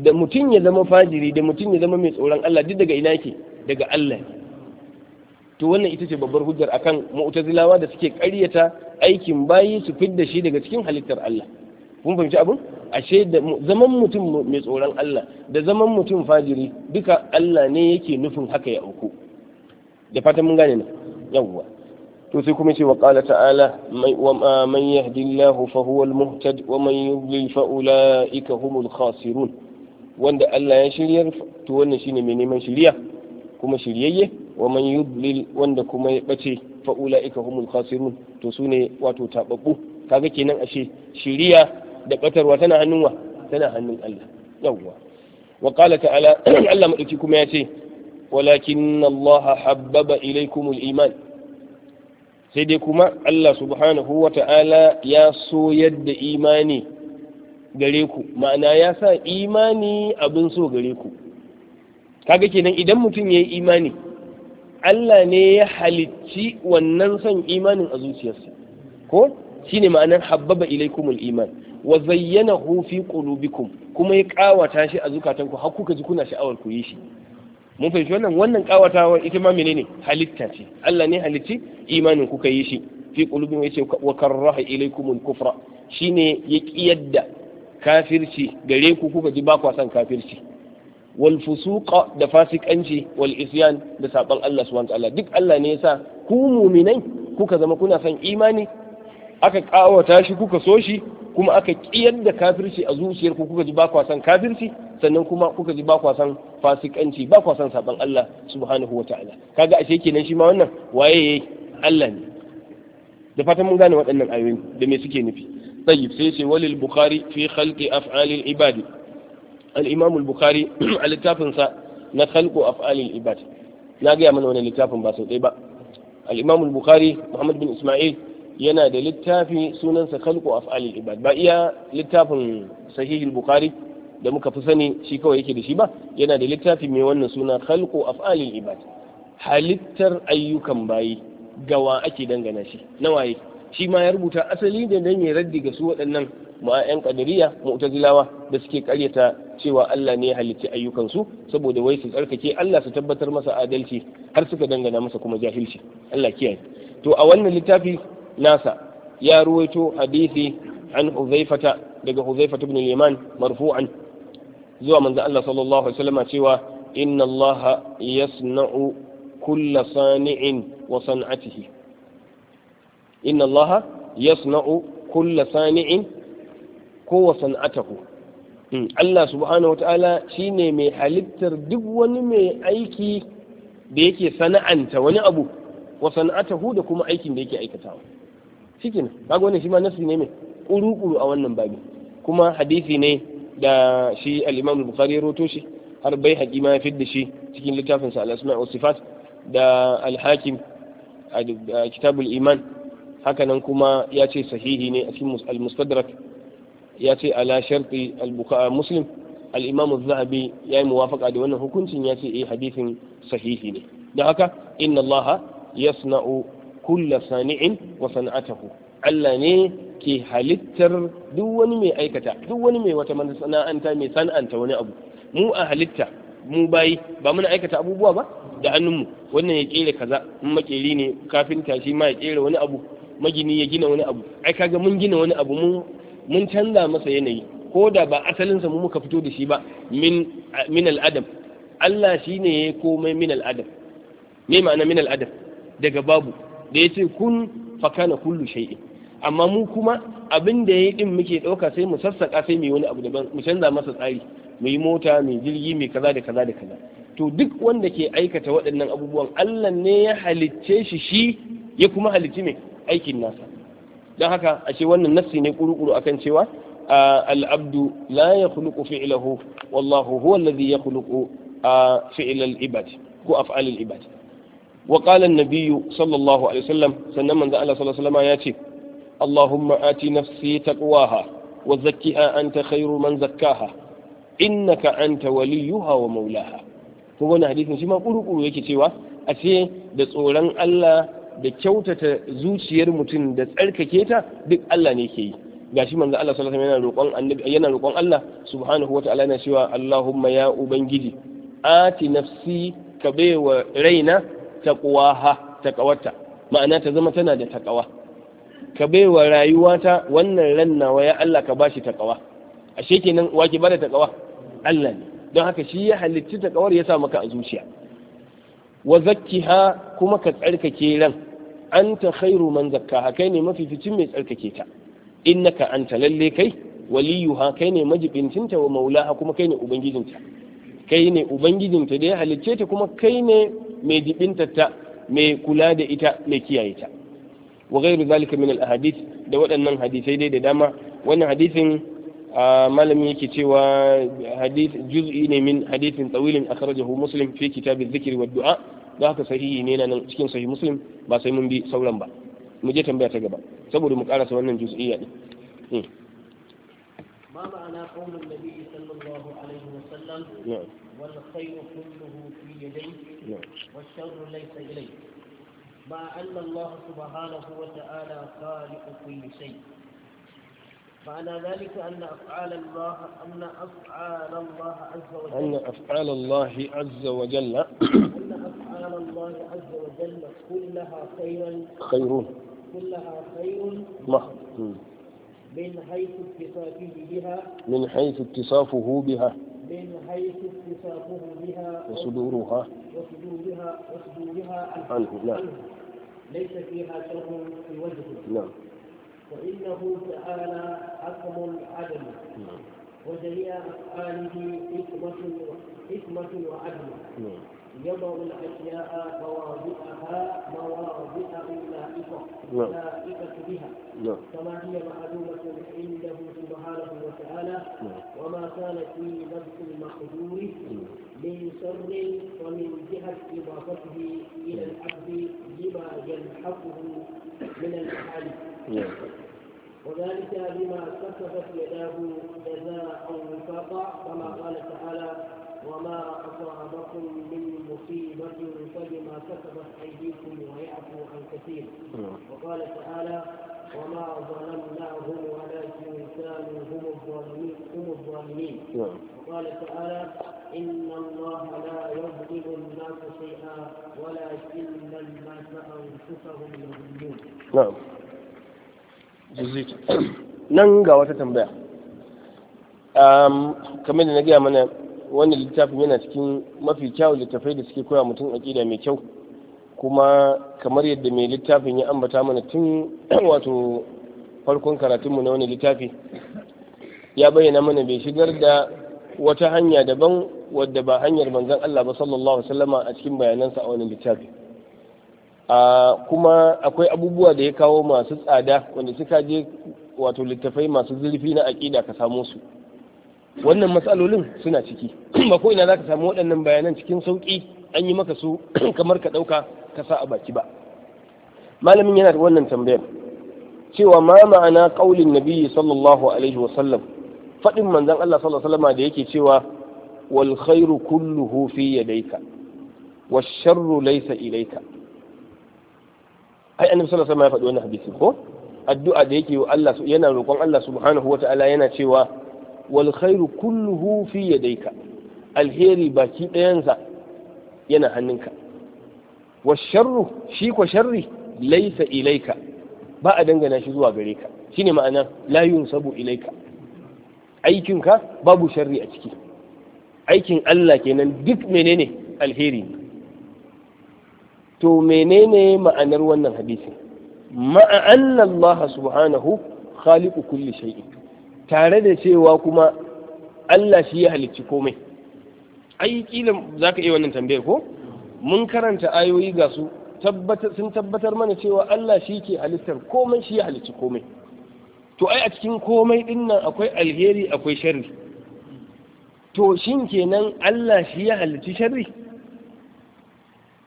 da mutum ya zama fajiri da mutum ya zama mai tsoron Allah duk daga ina ke daga Allah to wannan ita ce babbar hujjar akan mu'tazilawa da suke ƙaryata aikin bayi su fidda shi daga cikin halittar Allah mun fahimci abin ashe da zaman mutum mai tsoron Allah da zaman mutum fajiri duka Allah ne yake nufin haka ya auku da fatan mun gane nan yawwa to sai kuma ce wa qala ta'ala wa man yahdillahu fa huwa al-muhtad wa man yudlil fa ulaika humul khasirun wanda Allah ya shiryar to wannan shine mai neman shiriya kuma shiryayye wa man yudlil wanda kuma ya bace fa ulaika humul khasirun to sune wato tababbu kaga kenan ashe shiriya da batarwa tana hannun tana hannun Allah yawwa wa qala ta'ala Allah madauki kuma ya ce walakin Allah habbaba ilaykumul iman sai dai kuma Allah subhanahu wa ta'ala ya so yadda imani gare ku ma'ana ya sa imani abin so gare ku kaga kenan idan mutum ya yi imani Allah ne ya halicci wannan son imanin a zuciyarsa ko shine ma'anar habbaba ilaikumul iman wa hu fi qulubikum kuma ya kawata shi a zukatan ku har kuka ji kuna sha'awar ku yi shi mun fahimci wannan wannan kawatawa ita ma menene halitta ce Allah ne halitti imanin kuka yi shi fi qulubikum yace wa karaha al kufra shine ya kiyadda kafirci gare ku kuka ji ba ku san kafirci wal fusuqa da fasikanci wal isyan da sabal Allah subhanahu wa ta'ala duk Allah ne yasa ku mu'minai kuka zama kuna son imani aka kawata shi kuka so shi kuma aka kiyar da kafirci a zuciyar ku kuka ji ba kwa san kafirci sannan kuma kuka ji ba kwa san fasikanci ba kwa san saban Allah subhanahu ta'ala kaga ashe kenan shi ma wannan waye yayi Allah ne da fatan mun gane waɗannan ayoyi da me suke nufi tayyib sai sai walil bukhari fi khalqi af'alil ibad al-imam al-bukhari a littafin sa na khalqu af'alil ibad na ga mana wannan littafin ba sau ɗaya ba al-imam al-bukhari muhammad bin isma'il yana da littafi sunansa khalqu af'alil ibad ba iya littafin sahihul bukhari da muka fi sani shi kawai yake da shi ba yana da littafi mai wannan suna khalqu af'alil ibad halittar ayyukan bayi gawa ake dangana shi Na waye? shi ma ya rubuta asali da dan yi raddi ga su waɗannan ma'ayan kadiriya mu'tazilawa da suke karyata cewa Allah ne ya halitti ayyukan su saboda wai su tsarkake Allah su tabbatar masa adalci har suka dangana masa kuma jahilci Allah kiyaye to a wannan littafi nasa ya ruwaito hadisi an huzaifata daga huzaifata ibn liman marfu'an zuwa manzo Allah sallallahu alaihi wasallam cewa inna Allah yasna'u kulla sani'in wa san'atihi inna Allah yasna'u kulla sani'in ko wa san'atahu hmm. Allah subhanahu wata'ala shine mai halittar duk wani mai aiki da yake sana'anta wani abu wa san'atahu da kuma aikin da yake aikatawa shikenan kaga wannan shi ma nasu ne mai kuru-kuru a wannan babi kuma hadisi ne da shi al-Imam Bukhari ya roto shi har bai haƙi ma ya fidda shi cikin littafin sa al-Asma wa Sifat da al-Hakim a Kitabul Iman hakanan kuma ya ce sahihi ne a cikin al-Mustadrak ya ce ala sharti al-Bukhari Muslim al-Imam Az-Zahabi ya yi muwafaqa da wannan hukuncin ya ce eh hadisin sahihi ne da haka inna Allah yasna'u kulla sani'in wa sana'atahu Allah ne ke halittar duk wani mai aikata duk wani mai wata sana'anta, mai sana'anta wani abu mu a halitta mu bayi ba muna aikata abubuwa ba da hannunmu wannan ya kera kaza in makeri ne kafin shi ma ya kera wani abu magini ya gina wani abu ai kaga mun gina wani abu mun mun canza masa yanayi ko da ba asalinsa mu muka fito da shi ba min min al'adam Allah shine ya komai min al'adam me ma'ana min al'adam daga babu da ya ce kun fakana kullu shai'i amma mu kuma abin da yi din muke ɗauka sai mu sassaƙa sai mu yi wani abu daban mu canza masa tsari mu yi mota mu jirgi mu kaza da kaza da kaza to duk wanda ke aikata waɗannan abubuwan Allah ne ya halicce shi shi ya kuma halicci mai aikin nasa don haka ashe wannan nassi ne kuru-kuru akan cewa al'abdu la ya khuluqu fi'lahu wallahu huwa alladhi ya khuluqu fi'lal ibad ko af'alil ibad wa qala an-nabiyyu sallallahu alaihi wasallam sannan manzo Allah sallallahu ya ce Allahumma ati nafsi taqwaha wa zakkiha anta khairu man zakkaha innaka anta waliyuha wa maulaha ko wannan hadisin shi ma kuru yake cewa a ce da tsoron Allah da kyautata zuciyar mutum da tsarkake ta duk Allah ne ke yi gashi manzo Allah sallallahu yana roƙon yana roƙon Allah subhanahu wataala yana cewa Allahumma ya ubangiji ati nafsi ka baiwa raina ta taqawata ma'ana ta zama tana da takawa ka baiwa rayuwata wannan ran nawa ya Allah ka bashi taqawa ashe kenan wa ki bada takawa Allah ne don haka shi ya halitta taqawar ya sa maka a zuciya wa zakkiha kuma ka tsarkake ran anta khairu man zakkaha kai ne mafi mafificin mai tsarkake ta innaka anta lalle kai waliyuha kai ne majibincinta wa maulaha kuma kai ne ubangijinta kai ne ubangijinta da ya halicce ta kuma kai ne mai jibintarta mai kula da ita mai kiyaye ta wa ghairu zalika min al ahadith da waɗannan hadisai dai da dama wannan hadisin malami yake cewa hadith juz'i ne min hadithin tsawilin akhrajahu muslim fi kitab adh-dhikr wa du'a da haka sahihi ne nan cikin sahih muslim ba sai mun bi sauran ba mu je tambaya ta gaba saboda mu karasa wannan juz'iyya din hmm. ما معنى قول النبي صلى الله عليه وسلم نعم والخير كله في يديه نعم والشر ليس إليه مع أن الله سبحانه وتعالى خالق كل شيء معنى ذلك أن أفعال الله أن أفعال الله عز وجل أن أفعال الله عز وجل أن أفعال الله عز وجل كلها خيرا خير كلها خير محض من حيث اتصافه بها من حيث اتصافه بها من حيث اتصافه بها وصدورها وصدورها وصدورها عنه لا. نعم. ليس فيها شر في وجهه نعم فإنه تعالى حكم عدل نعم وجميع أفعاله حكمة حكمة وعدل نعم يضع الأشياء مواضعها مواضع لائقة نعم. لائقة بها نعم. كما هي معلومة عنده سبحانه وتعالى نعم. وما كان في نفس المقدور من شر ومن جهة إضافته إلى العبد بما يلحقه من المحارم وذلك بما كسبت يداه جزاء وفاقا كما قال تعالى وما أصابكم من مصيبة فبما كسبت أيديكم ويعفو عن كثير وقال تعالى وما ظلمناهم ولكن كانوا هم الظالمين هم الظالمين وقال تعالى إن الله لا يظلم الناس شيئا ولكن الناس أنفسهم يظلمون نعم جزيت ننقى ga wata tambaya kamar da wannan littafin yana cikin mafi kyawun littafai da suke koya mutum aƙida mai kyau kuma kamar yadda mai littafin ya ambata mana tun wato farkon karatunmu na wani littafi ya bayyana mana bai shigar da wata hanya daban wadda ba hanyar manzan Allah ba sallallahu alaihi a cikin bayanansa a wani littafi kuma akwai abubuwa da ya kawo masu tsada wanda suka je wato littafai masu zurfi na aƙida ka samo su wannan matsalolin suna ciki ba ko ina zaka samu waɗannan bayanan cikin sauƙi an yi maka su kamar ka ɗauka ka sa a baki ba malamin yana da wannan tambayar cewa ma ma'ana ƙaulin nabiyyi sallallahu alaihi wasallam faɗin manzon Allah sallallahu alaihi wasallam da yake cewa wal khairu kulluhu fi yadayka wash sharru laysa ilayka ai annabi sallallahu alaihi wasallam ya faɗi wannan hadisi ko addu'a da yake wa Allah yana roƙon Allah subhanahu wataala yana cewa wal khairu kulluhu fi yadayka alheri baki ɗayansa yana hannunka wa sharru shi ko sharri laisa ilaika ba a dangana shi zuwa gare ka shine ma'ana la yunsabu ilaika aikinka babu sharri a ciki aikin Allah kenan duk menene alheri ne to menene ma'anar wannan hadisin ma'a Allah subhanahu khaliqu kulli shay'in tare da cewa kuma Allah shi ya halicci komai ai kila ka iya wannan tambayar ko mun karanta ayoyi ga su sun tabbatar mana cewa Allah shi ke halittar komai shi ya halicci komai to ai a cikin komai din nan akwai alheri akwai sharri to shin kenan Allah shi ya halicci sharri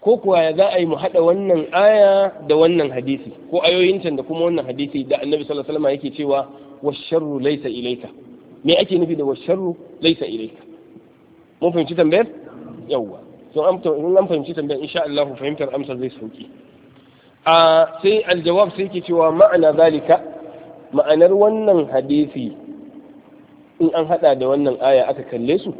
ko kuwa ya za a yi mu haɗa wannan aya da wannan hadisi ko ayoyin can da kuma wannan hadisi da annabi sallallahu alaihi wasallam yake cewa washarru laisa ilaika me ake nufi da washarru laisa ilaika mun fahimci tambayar yawwa don an fahimci tambayar insha Allah fahimtar amsar zai sauki a sai aljawab sai ke cewa ma'ana zalika ma'anar wannan hadisi in an hada da wannan aya aka kalle su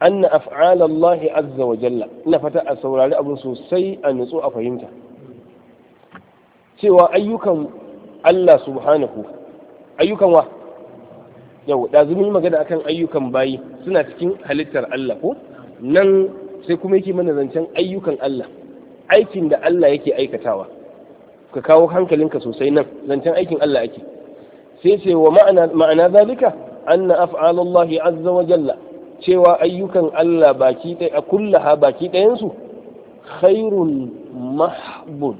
anna af'al Allah azza wa jalla ina fata a saurari abun sosai a nutsu a fahimta cewa ayyukan Allah subhanahu ayyukan wa yau da zumi magana akan ayyukan bayi suna cikin halittar Allah ko nan sai kuma yake mana zancen ayyukan Allah aikin da Allah yake aikatawa ka kawo hankalinka sosai nan zancen aikin Allah ake sai ce wa ma'ana zalika anna af'alullahi azza wa jalla cewa ayyukan Allah baki a kullaha baki ɗayansu khairun mahbud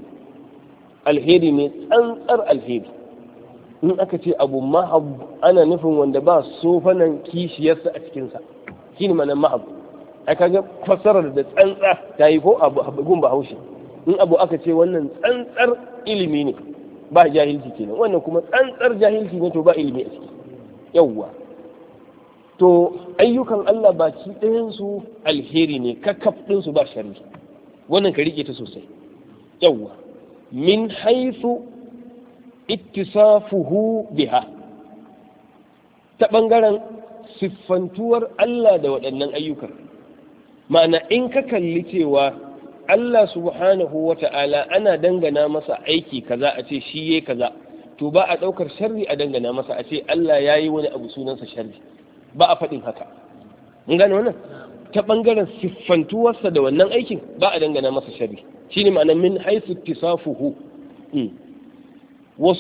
alheri ne tsantsar alheri in aka ce abu mahab ana nufin wanda ba sofanan kishiyarsa a cikinsa shi ne manan mahab a kaga fasarar da tsantsa ta yi ko abu gun bahaushe in abu aka ce wannan tsantsar ilimi ne ba jahilci kenan wannan kuma tsantsar jahilci ne to ba ilimi a ciki yawwa to ayyukan Allah baki ɗayansu alheri ne kakaf ɗinsu ba shari wannan ka riƙe ta sosai yawwa min haisu ittisafuhu biha ta ɓangaren siffantuwar Allah da waɗannan ayyukan ma'ana in ka kalli cewa Allah subhanahu wa ana dangana masa aiki kaza a ce shi ya kaza to ba a ɗaukar sharri a dangana masa a ce Allah ya yi wani abu sunansa sharri ba a faɗin haka in gane wannan ta ɓangaren siffantuwarsa da wannan aikin ba a dangana masa sharri shine ma'ana min haisu tisafuhu hmm. wa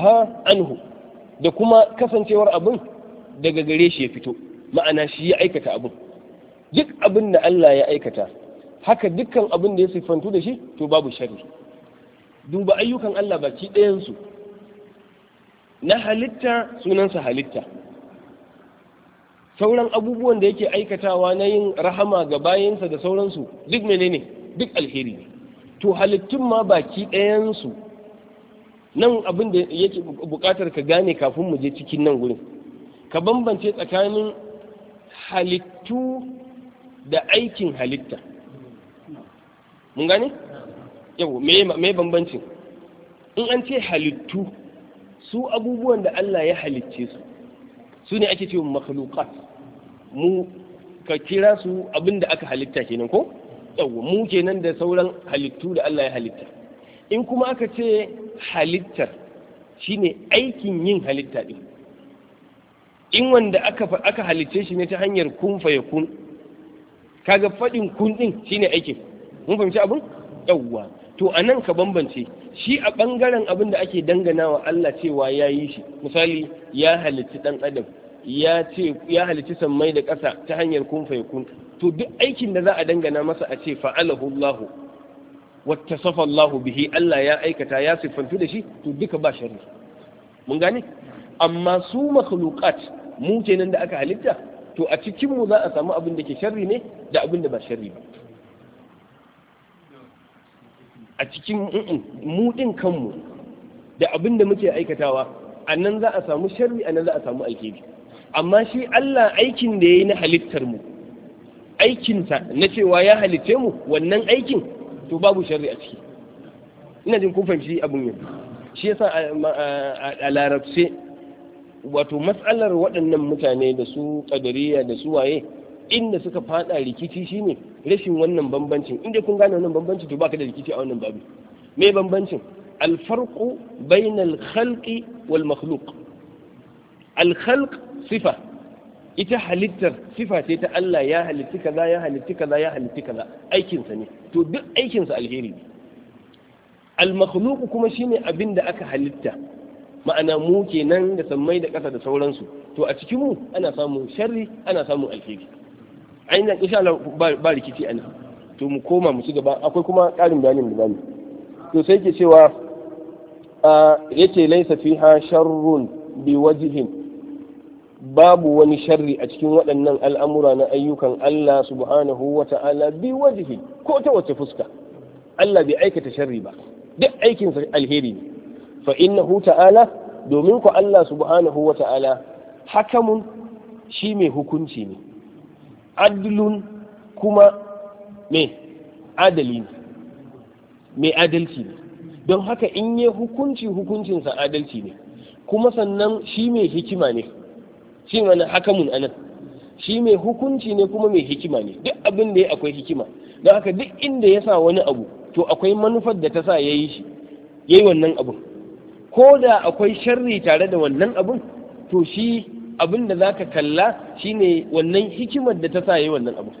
ha anhu da kuma kasancewar abin daga gare shi ya fito ma'ana shi ya aikata abin duk abin da Allah ya aikata haka dukkan abin da ya siffantu da shi to babu sharri duba ayyukan Allah baki ɗayansu na halitta sunansa halitta sauran abubuwan da yake aikatawa na yin rahama ga bayansa da sauransu duk menene duk alheri to halittun ma baki ɗayansu nan abin da yake bukatar ka gane kafin mu je cikin nan wurin, ka bambance tsakanin halittu da aikin halitta mun gane yau me bambancin in an ce halittu su abubuwan da Allah ya halicce su su ne ake cewa makhluqat mu ka kira su abin da aka halitta kenan ko yau mu kenan da sauran halittu da Allah ya halitta in kuma aka ce halittar ne aikin yin halitta din in wanda aka aka halicce shi ne ta hanyar kun fa kun kaga faɗin kun shi ne aikin mun fahimci abin yawwa to a nan ka bambance shi a ɓangaren abin da ake dangana wa Allah cewa ya yi shi misali ya halicci ɗan adam ya ce ya sammai da ƙasa ta hanyar kun fayakun to duk aikin da za a dangana masa a ce fa'alahu Allahu wattasafa Allahu bihi Allah ya aikata ya siffantu da shi to duka ba sharri mun gane amma su makhluqat mu kenan da aka halitta to a cikin mu za a samu abin da ke sharri ne da abin da ba sharri ba a cikin mu din kanmu da abin da muke aikatawa a nan za a samu sharri a nan za a samu alheri amma shi Allah aikin da ya yi na halittar mu aikinsa na cewa ya halitte mu wannan aikin to babu sharri a ciki ina jin kun fahimci abin yau shi yasa a larabce wato matsalar waɗannan mutane da su ƙadariya da su waye inda suka fada rikici shine rashin wannan bambancin inda kun gane wannan bambancin to baka da rikici a wannan babu me bambancin alfarqu bainal khalqi wal makhluq al khalq sifa ita halittar sifa ce ta Allah ya halitti kaza ya halitti kaza ya halitti kaza aikinsa ne to duk aikinsa alheri ne al-makhluq kuma shine abin da aka halitta ma'ana mu kenan da sammai da ƙasa da sauransu to a cikin mu ana samun sharri ana samun alheri ainihin insha Allah ba rikici a to mu koma mu ci gaba akwai kuma ƙarin bayanin da zamu to sai ke cewa yace laysa fiha sharrun bi wajhin babu wani sharri a cikin waɗannan al'amura na ayyukan Allah subhanahu wa ta'ala bi wajihi ko ta wace fuska Allah bai aikata sharri ba duk aikinsa alheri ne fa innahu ta'ala domin ku Allah subhanahu wa ta'ala hakamun shi mai hukunci ne Adalun kuma me adali ne mai adalci ne don haka in yi hukunci hukuncinsa adalci ne kuma sannan shi mai hikima ne shi mana hakamun anan shi mai hukunci ne kuma mai hikima ne duk abin da ya akwai hikima don haka duk inda ya sa wani abu to akwai manufar da ta sa ya yi shi ya yi wannan abun ko da akwai sharri tare da wannan abun to shi abin da za ka kalla shi ne wannan hikimar da ta sa ya yi wannan abun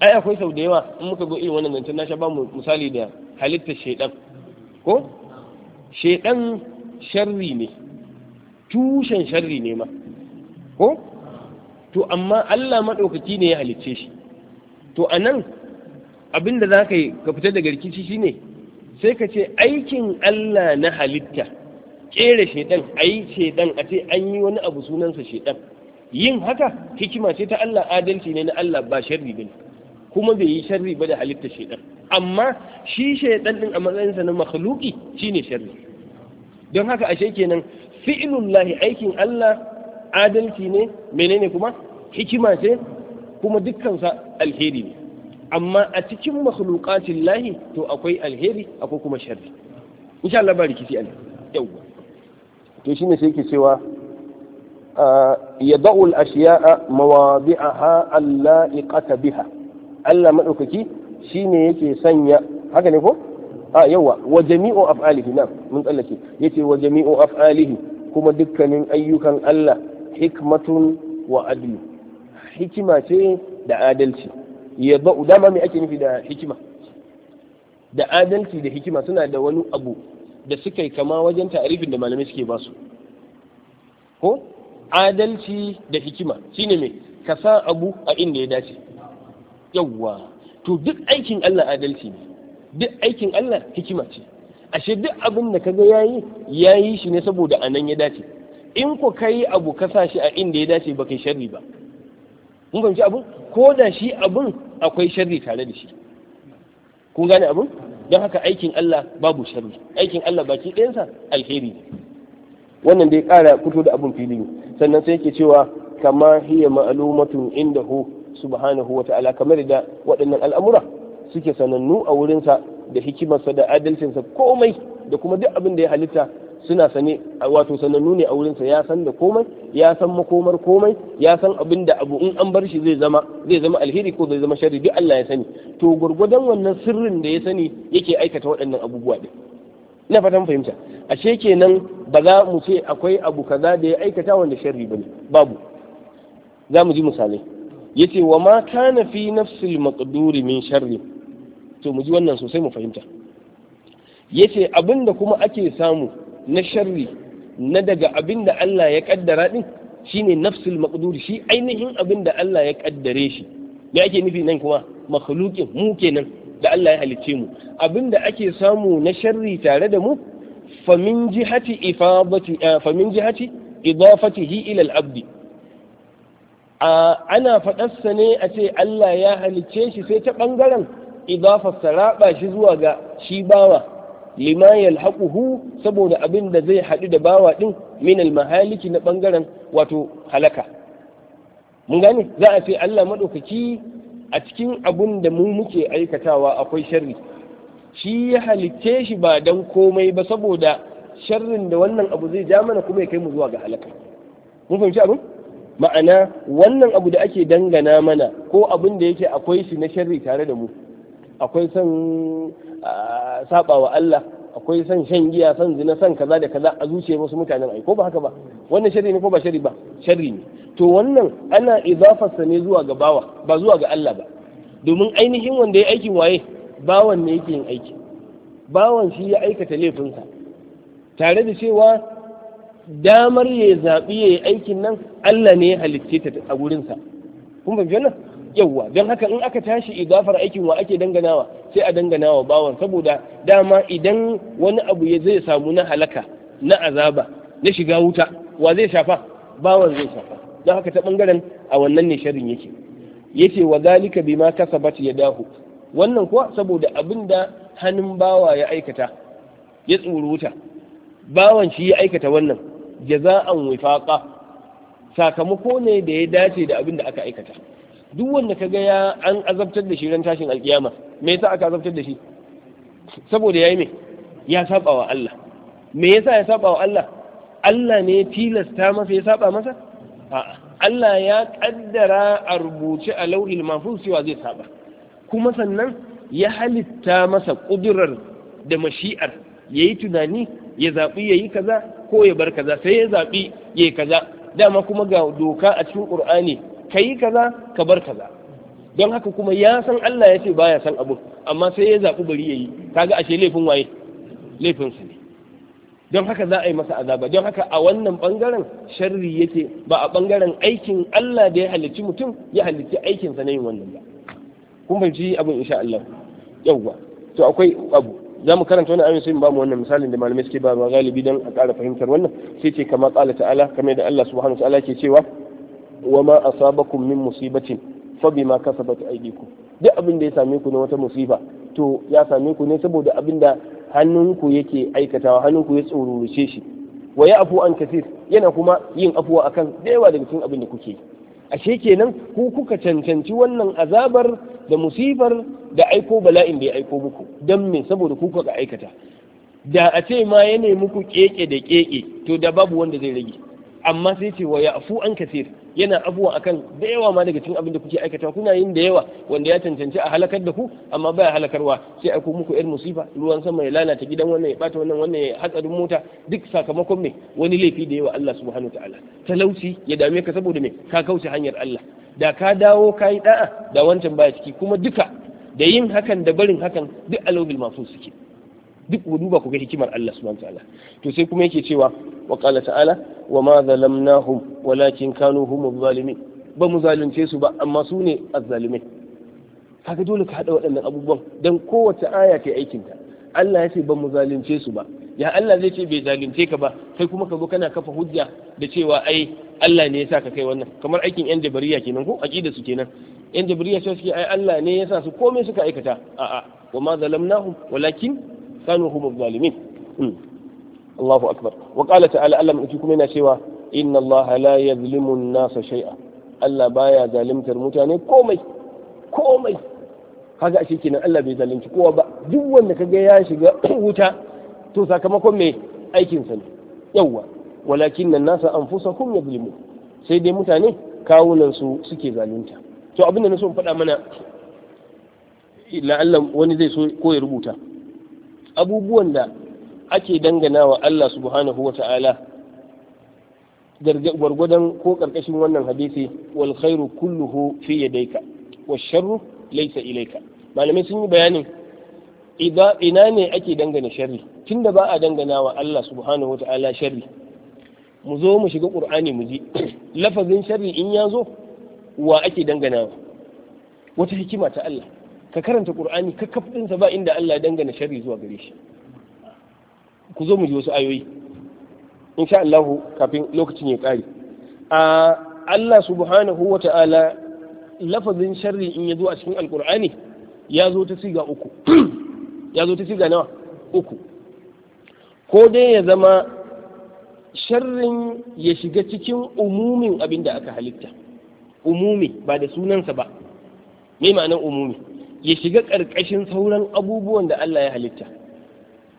ai akwai sau da yawa in muka go irin wannan zancen na sha ba mu misali da halittar shaidan ko shaidan sharri ne tushen sharri ne ma ko to amma Allah maɗaukaki ne ya halicce shi to a nan abin da za ka yi ka fita daga rikici shine sai ka ce aikin Allah na halitta kera shaidan ai shaidan a ce an yi wani abu sunansa shaidan yin haka hikima ce ta Allah adalci ne na Allah ba sharri bane kuma bai yi sharri ba da halitta shaidan amma shi shaidan din a matsayinsa na makhluki shine sharri don haka ashe kenan fi'lullahi aikin Allah adalci ne menene kuma hikima ce kuma dukkansa alheri ne amma a cikin makhluqatin lahi to akwai alheri akwai kuma sharri insha Allah ba rikici an yawwa to shine sai yake cewa yad'u al-ashya'a mawadi'aha alla'iqata biha Allah madaukaki shine yake sanya haka ne ko a yawa wa jami'u af'alihi na mun tsallake yace wa jami'u af'alihi kuma dukkanin ayyukan Allah hikmatun wa adli hikima ce da adalci ya ba dama me ake nufi da hikima da adalci da hikima suna da wani abu da suka yi kama wajen ta'arifin da malamai suke basu ko adalci da hikima shine mai ka sa abu a inda ya dace yawwa to duk aikin Allah adalci ne duk aikin Allah hikima ce ashe duk abin da kaga yayi yayi shi ne saboda anan ya dace in ku kai abu ka sa shi a inda ya dace ba kai sharri ba mun fahimci abun ko da shi abun akwai sharri tare da shi kun gane abun don haka aikin Allah babu sharri aikin Allah baki ɗayansa alheri wannan da ya ƙara fito da abun fili sannan sai yake cewa kama hiya ma'lumatun indahu subhanahu wa ta'ala kamar da waɗannan al'amura suke sanannu a wurinsa da hikimarsa da adalcinsa komai da kuma duk abin da ya halitta suna sane wato sanannu ne a wurinsa ya san da komai ya san makomar komai ya san abin da abu in an bar shi zai zama zai zama alheri ko zai zama sharri duk Allah ya sani to gurgurdan wannan sirrin da ya sani yake aikata waɗannan abubuwa din ina fatan fahimta ashe kenan ba za mu ce akwai abu kaza da ya aikata wanda sharri bane babu za mu ji misalai yace wa ma kana fi nafsil maqduri min sharri to mu ji wannan sosai mu fahimta yace abinda kuma ake samu na sharri na daga abin da Allah ya kaddara din shine nafsul maqdur shi ainihin abin da Allah ya kaddare shi me ake nufi nan kuma makhluqin mu kenan da Allah ya halicce mu abin da ake samu na sharri tare da mu famin jihati ifadati eh, famin jihati idafatihi ila al-abd ana faɗarsa ne a ce Allah ya halicce shi sai ta ɓangaren idafa saraba shi zuwa ga shi bawa lima yalhaquhu saboda abin da zai haɗu da bawa ɗin min almahaliki na ɓangaren wato halaka mun gane za a ce Allah maɗaukaki a cikin abun da mu muke aikatawa akwai sharri shi ya halicce shi ba dan komai ba saboda sharrin da wannan abu zai ja mana kuma ya kai mu zuwa ga halaka mun fahimci abin ma'ana wannan abu da ake dangana mana ko abin da yake akwai shi na sharri tare da mu akwai son saba wa Allah akwai son shan giya son zina son kaza da kaza a zuciyar wasu mutanen ai ko ba haka ba wannan sharri ne ko ba sharri ba sharri ne to wannan ana sa ne zuwa ga bawa ba zuwa ga Allah ba domin ainihin wanda ya aikin waye bawan ne yake yin aiki bawan shi ya aikata laifinsa tare da cewa damar ya zaɓi ya yi aikin nan Allah ne ya halicce ta a gurinsa kun fahimci wannan yawwa don haka in aka tashi idafar aikin wa ake danganawa sai a danganawa bawan saboda dama idan wani abu ya zai samu na halaka na azaba na shiga wuta wa zai shafa bawan zai shafa don haka ta bangaren a wannan ne sharin yake yace wa zalika bima kasabat yadahu wannan kuwa saboda abinda hannun bawa ya aikata ya tsuru wuta bawan shi ya aikata wannan jaza'an wifaqa sakamako ne da ya dace da abin da aka aikata duk wanda ka ya an azabtar da shi ran tashin alkiyama me yasa aka azabtar da shi saboda yayi me ya saba wa Allah me yasa ya saba wa Allah Allah ne tilasta masa ya saba masa a'a Allah ya kaddara a rubuce a lauhil mahfuz cewa zai saba kuma sannan ya halitta masa kudurar da mashi'ar yayi tunani ya zaɓi yayi kaza ko ya bar kaza sai ya zaɓi yayi kaza dama kuma ga doka a cikin Qur'ani ka yi kaza ka bar kaza don haka kuma ya san Allah ya ce baya san abu amma sai ya zaɓi bari ya yi kaga ashe laifin waye laifin su ne don haka za a yi masa azaba don haka a wannan bangaren sharri yake ba a bangaren aikin Allah da ya halicci mutum ya halicci aikin na yin wannan ba kun ji abin insha Allah yawwa to akwai abu za mu karanta wani ayoyin sai mu ba mu wannan misalin da malamai suke ba galibi don a ƙara fahimtar wannan sai ce kama ta'ala kamar da Allah subhanahu wa ta'ala ke cewa wa ma asabakum min musibatin fa bima kasabat aydikum duk abin da ya same ku na wata musiba to ya same ku ne saboda abin da hannunku yake aikatawa hannunku ya tsoruruce shi wa ya afu an kasir yana kuma yin afuwa akan da yawa daga cikin abin da kuke ashe kenan ku kuka cancanci wannan azabar da musibar da aiko bala'in da ya aiko muku dan me saboda ku kuka aikata da a ce ma ya nemi muku keke da keke to da babu wanda zai rage amma sai ce wa ya'fu an kathir yana afuwa akan da yawa ma daga cikin abin da kuke aikata kuna yin da yawa wanda ya cancanci a halakar da ku amma baya halakarwa sai a muku yar musifa ruwan sama ya lalata gidan wannan ya bata wannan wannan ya hatsarin mota duk sakamakon me wani laifi da yawa Allah subhanahu ta'ala talauci ya dame ka saboda me ka kauce hanyar Allah da ka dawo ka yi da'a da wancan baya ciki kuma duka da yin hakan da barin hakan duk alawil mafus suke duk ku duba ku ga hikimar Allah subhanahu ta'ala to sai kuma yake cewa wa qala ta'ala wa ma zalamnahum walakin kanu hum zalimin ba mu zalunce su ba amma su ne azzalimin kaga dole ka hada waɗannan abubuwan dan kowace aya ta aikinta Allah ya ce ba mu zalunce su ba ya Allah zai ce bai zalunce ka ba kai kuma ka zo kana kafa hujja da cewa ai Allah ne ya sa ka kai wannan kamar aikin yan jabariya kenan ko aqida su kenan yan jabariya sai suke ai Allah ne ya sa su komai suka aikata a'a wa ma zalamnahum walakin kanu hum zalimin Allahu akbar wa qala kuma yana cewa inna Allah la yazlimu an-nasa shay'a Allah baya zalimtar mutane komai komai kaga ashe Allah bai zalunci kowa ba duk wanda kaga ya shiga wuta to sakamakon me aikin sa ne yawa walakin nan nasa an ya yazlimu sai dai mutane kawunan su suke zalunta to abinda na so in faɗa mana la'allan wani zai so ko ya rubuta abubuwan da ake dangana wa Allah subhanahu ta'ala, gwargwadon ko karkashin wannan hadisi wal khairu kulluhu fi yadayka wa sharru laysa ilayka malamai sun yi bayanin ina ne ake dangana sharri tunda ba a dangana wa Allah subhanahu ta'ala sharri mu zo mu shiga qur'ani mu ji lafazin sharri in ya zo wa ake dangana wa? wata hikima ta Allah ka karanta ƙur'ani ka ɗinsa ba inda Allah ya dangana sharri zuwa gare shi ku zo mu ji wasu ayoyi insha Allah kafin lokacin ya kare a Allah subhanahu wa ta'ala lafazin sharri in ya zo a cikin alkur'ani ya zo ta siga uku ya zo ta siga nawa uku ko dai ya zama sharrin ya shiga cikin umumin abin da aka halitta umumi ba da sunansa ba me ma'anar umumi ya shiga ƙarƙashin sauran abubuwan da Allah ya halitta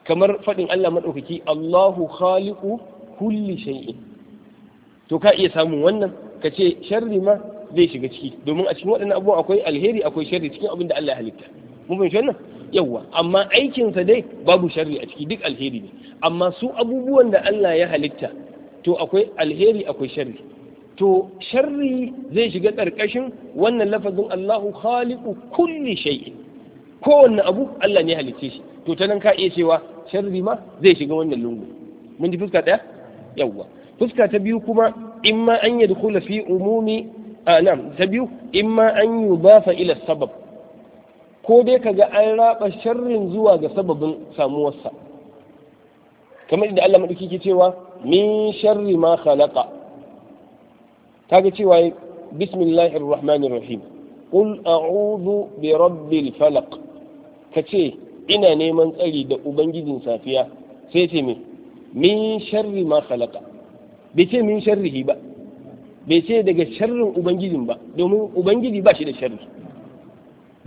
kamar faɗin Allah maɗaukaki Allahu khaliqu kulli shay'in to ka iya samun wannan ka ce sharri ma zai shiga ciki domin a cikin waɗannan abubuwan akwai alheri akwai sharri cikin abin da Allah ya halitta mun fahimci wannan yawa amma aikinsa dai babu sharri a ciki duk alheri ne amma su abubuwan da Allah ya halitta to akwai alheri akwai sharri to sharri zai shiga ƙarƙashin wannan lafazin Allahu khaliqu kulli shay'in kowanne abu Allah ne halicce shi to ta nan ka iya cewa sharri ma zai shiga wannan lungu mun ji fuska ɗaya yawwa fuska ta biyu kuma in ma an dukula fi umumi a nan ta biyu in ma an yudafa ila sabab ko dai kaga an raba sharrin zuwa ga sababin samuwarsa kamar inda Allah madaki ke cewa min sharri ma khalaqa kaga cewa bismillahir rahmanir rahim qul a'udhu bi rabbil falaq kace ina neman tsari da ubangijin safiya sai ce me min sharri ma khalaqa bai ce min sharrihi ba bai ce daga sharrin ubangijin ba domin ubangiji ba shi da sharri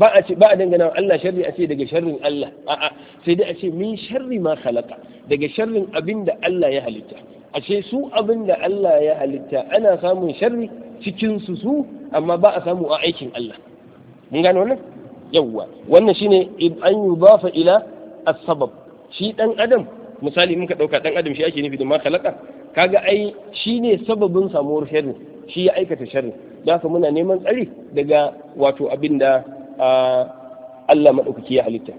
ba a ce ba a dangana Allah sharri a ce daga sharrin Allah a'a sai dai a ce min sharri ma khalaqa daga sharrin abinda Allah ya halitta A ashe su abin da Allah ya halitta ana samun sharri cikin su su amma ba a samu a aikin Allah mun gano nan? yawwa wannan shine an yudafa ila as-sabab shi dan adam misali muka dauka dan adam shi ake nufi da ma khalaqa kaga ai shine sababin samuwar sharri shi ya aikata sharri da muna neman tsari daga wato abin da Allah madaukaki ya halitta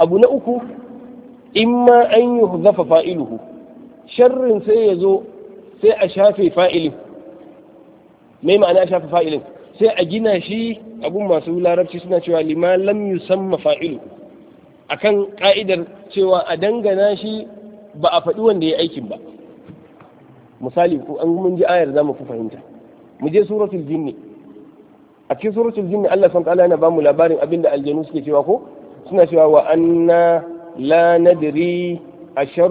abu na uku imma an yuhzafa fa'iluhu sharrin sai ya zo sai a shafe fa'ilin mai ma'ana a shafe fa'ilin sai a gina shi abun masu larabci suna cewa lima lam yusamma fa'ilu akan ka'idar cewa a dangana shi ba a faɗi wanda ya aikin ba misali ko an mun ji ayar mu fi fahimta mu je suratul jinni a cikin suratul jinni Allah san ta'ala bamu labarin abinda aljanu suke cewa ko suna cewa wa anna la nadri أشر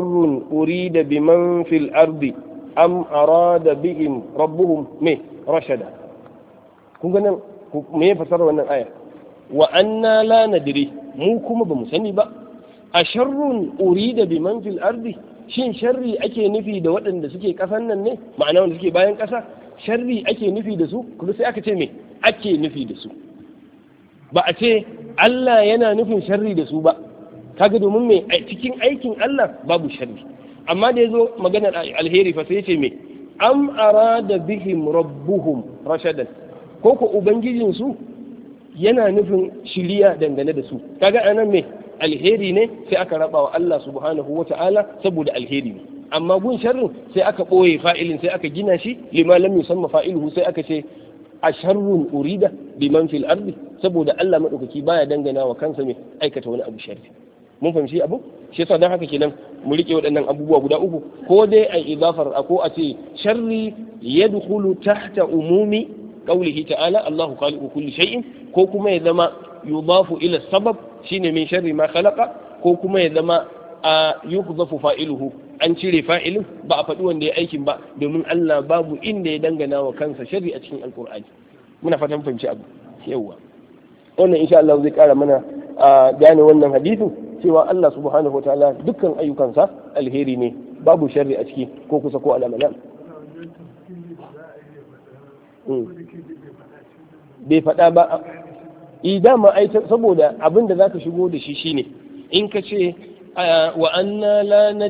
uri بمن في الأرض أم أراد بهم ربهم مه رشدا كنا me fasar wannan aya wa anna la nadri mu kuma bamu sani ba a sharrun urida bi man fil shin sharri ake nufi da waɗanda suke ƙasan nan ne ma'ana wanda suke bayan ƙasa sharri ake nufi da su kuma sai aka ce me ake nufi da su ba a ce Allah yana nufin sharri da su ba kaga domin mai cikin aikin Allah babu sharri amma da ya zo maganar alheri fa sai ce me am arada bihim rabbuhum rashadan ko ko ubangijin su yana nufin shiriya dangane da su kaga anan mai, alheri ne sai aka raba wa Allah subhanahu wata'ala saboda alheri ne amma gun sharrin sai aka ɓoye fa'ilin sai aka gina shi lima lam yusamma fa'iluhu sai aka ce a sharrun urida biman fil ardi saboda Allah madaukaki baya dangana wa kansa mai aikata wani abu sharri mun fahimci abu shi yasa dan haka kenan mu rike waɗannan abubuwa guda uku ko dai a idafar ko a ce sharri yadkhulu tahta umumi qawlihi ta'ala Allahu khaliqu kulli shay'in ko kuma ya zama yudafu ila sabab shine min sharri ma khalaqa ko kuma ya zama a yuqdafu fa'iluhu an cire fa'ilin ba a faɗi wanda ya aikin ba domin Allah babu inda ya dangana wa kansa sharri a cikin alkur'ani muna fatan fahimci abu yawwa wannan insha Allah zai kara mana gane wannan hadisin cewa Allah subhanahu wataala dukkan ayyukansa alheri ne babu sharri a ciki ko kusa ko alamalan hmm. bai faɗa ba idama ai saboda abin da zaka shigo da shi shine in ka ce wa anna la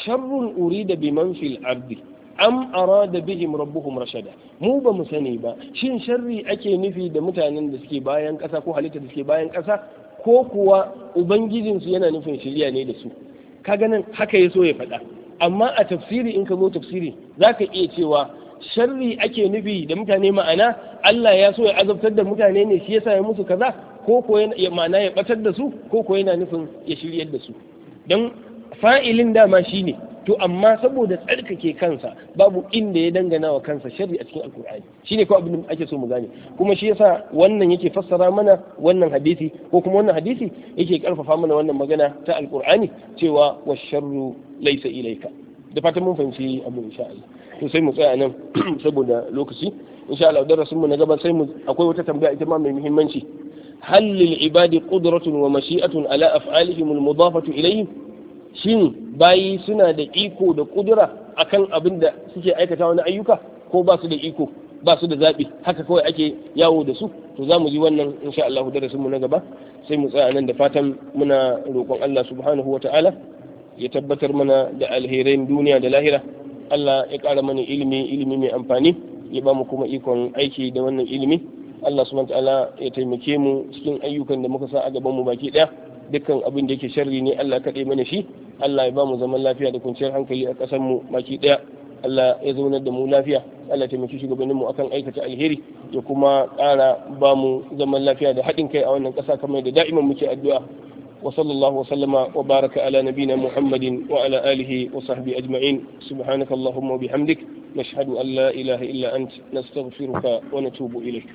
sharrun uri urida biman fil ardi am arada bihim rabbuhum rashada mu ba mu sani ba shin sharri ake nufi da mutanen da suke bayan kasa ko halitta da suke bayan ƙasa ko kuwa ubangijinsu yana nufin shirya ne da su kaga nan haka ya so ya faɗa amma a tafsiri in ka zo tafsiri za ka iya cewa sharri ake nufi da mutane ma'ana Allah ya so ya azabtar da mutane ne shi yasa ya musu kaza ko ko ya ma'ana ya batar da su ko ko yana nufin ya shiryar da su Don fa'ilin dama shi ne. to amma saboda tsarkake kansa babu inda ya dangana wa kansa shari a cikin alkur'ani shine ko abin da ake so mu gane kuma shi yasa wannan yake fassara mana wannan hadisi ko kuma wannan hadisi yake karfafa mana wannan magana ta alkur'ani cewa washarru laysa ilayka da fatan mun fahimci abu insha Allah to sai mu tsaya nan saboda lokaci insha Allah darasin mu na gaba sai mu akwai wata tambaya ita ma mai muhimmanci hal ibadi qudratun wa mashi'atun ala af'alihim al mudafatu ilayhim shin bayi suna da iko da kudura akan abin da suke aikata wani ayyuka ko ba su da iko ba su da zaɓi haka kawai ake yawo da su to za mu ji wannan insha Allah darasinmu na gaba sai mu tsaya nan da fatan muna roƙon Allah subhanahu wata'ala ya tabbatar mana da alherin duniya da lahira Allah ya ƙara mana ilimi ilimi mai amfani ya ba mu kuma ikon aiki da wannan ilimi Allah subhanahu wata'ala ya taimake mu cikin ayyukan da muka sa a gaban mu baki ɗaya dukkan abin da yake sharri ne Allah kaɗai mana shi Allah ya ba mu zaman lafiya da kwanciyar hankali a ƙasar mu maki ɗaya Allah ya zaunar da mu lafiya Allah taimaki shugabannin mu akan aikata alheri ya kuma ƙara ba mu zaman lafiya da haɗin kai a wannan ƙasa kamar da da'iman muke addu'a wa sallallahu wa sallama wa baraka ala nabina Muhammadin wa ala alihi wa sahbihi ajma'in subhanakallahumma wa bihamdik nashhadu an la ilaha illa ant nastaghfiruka wa natubu ilayk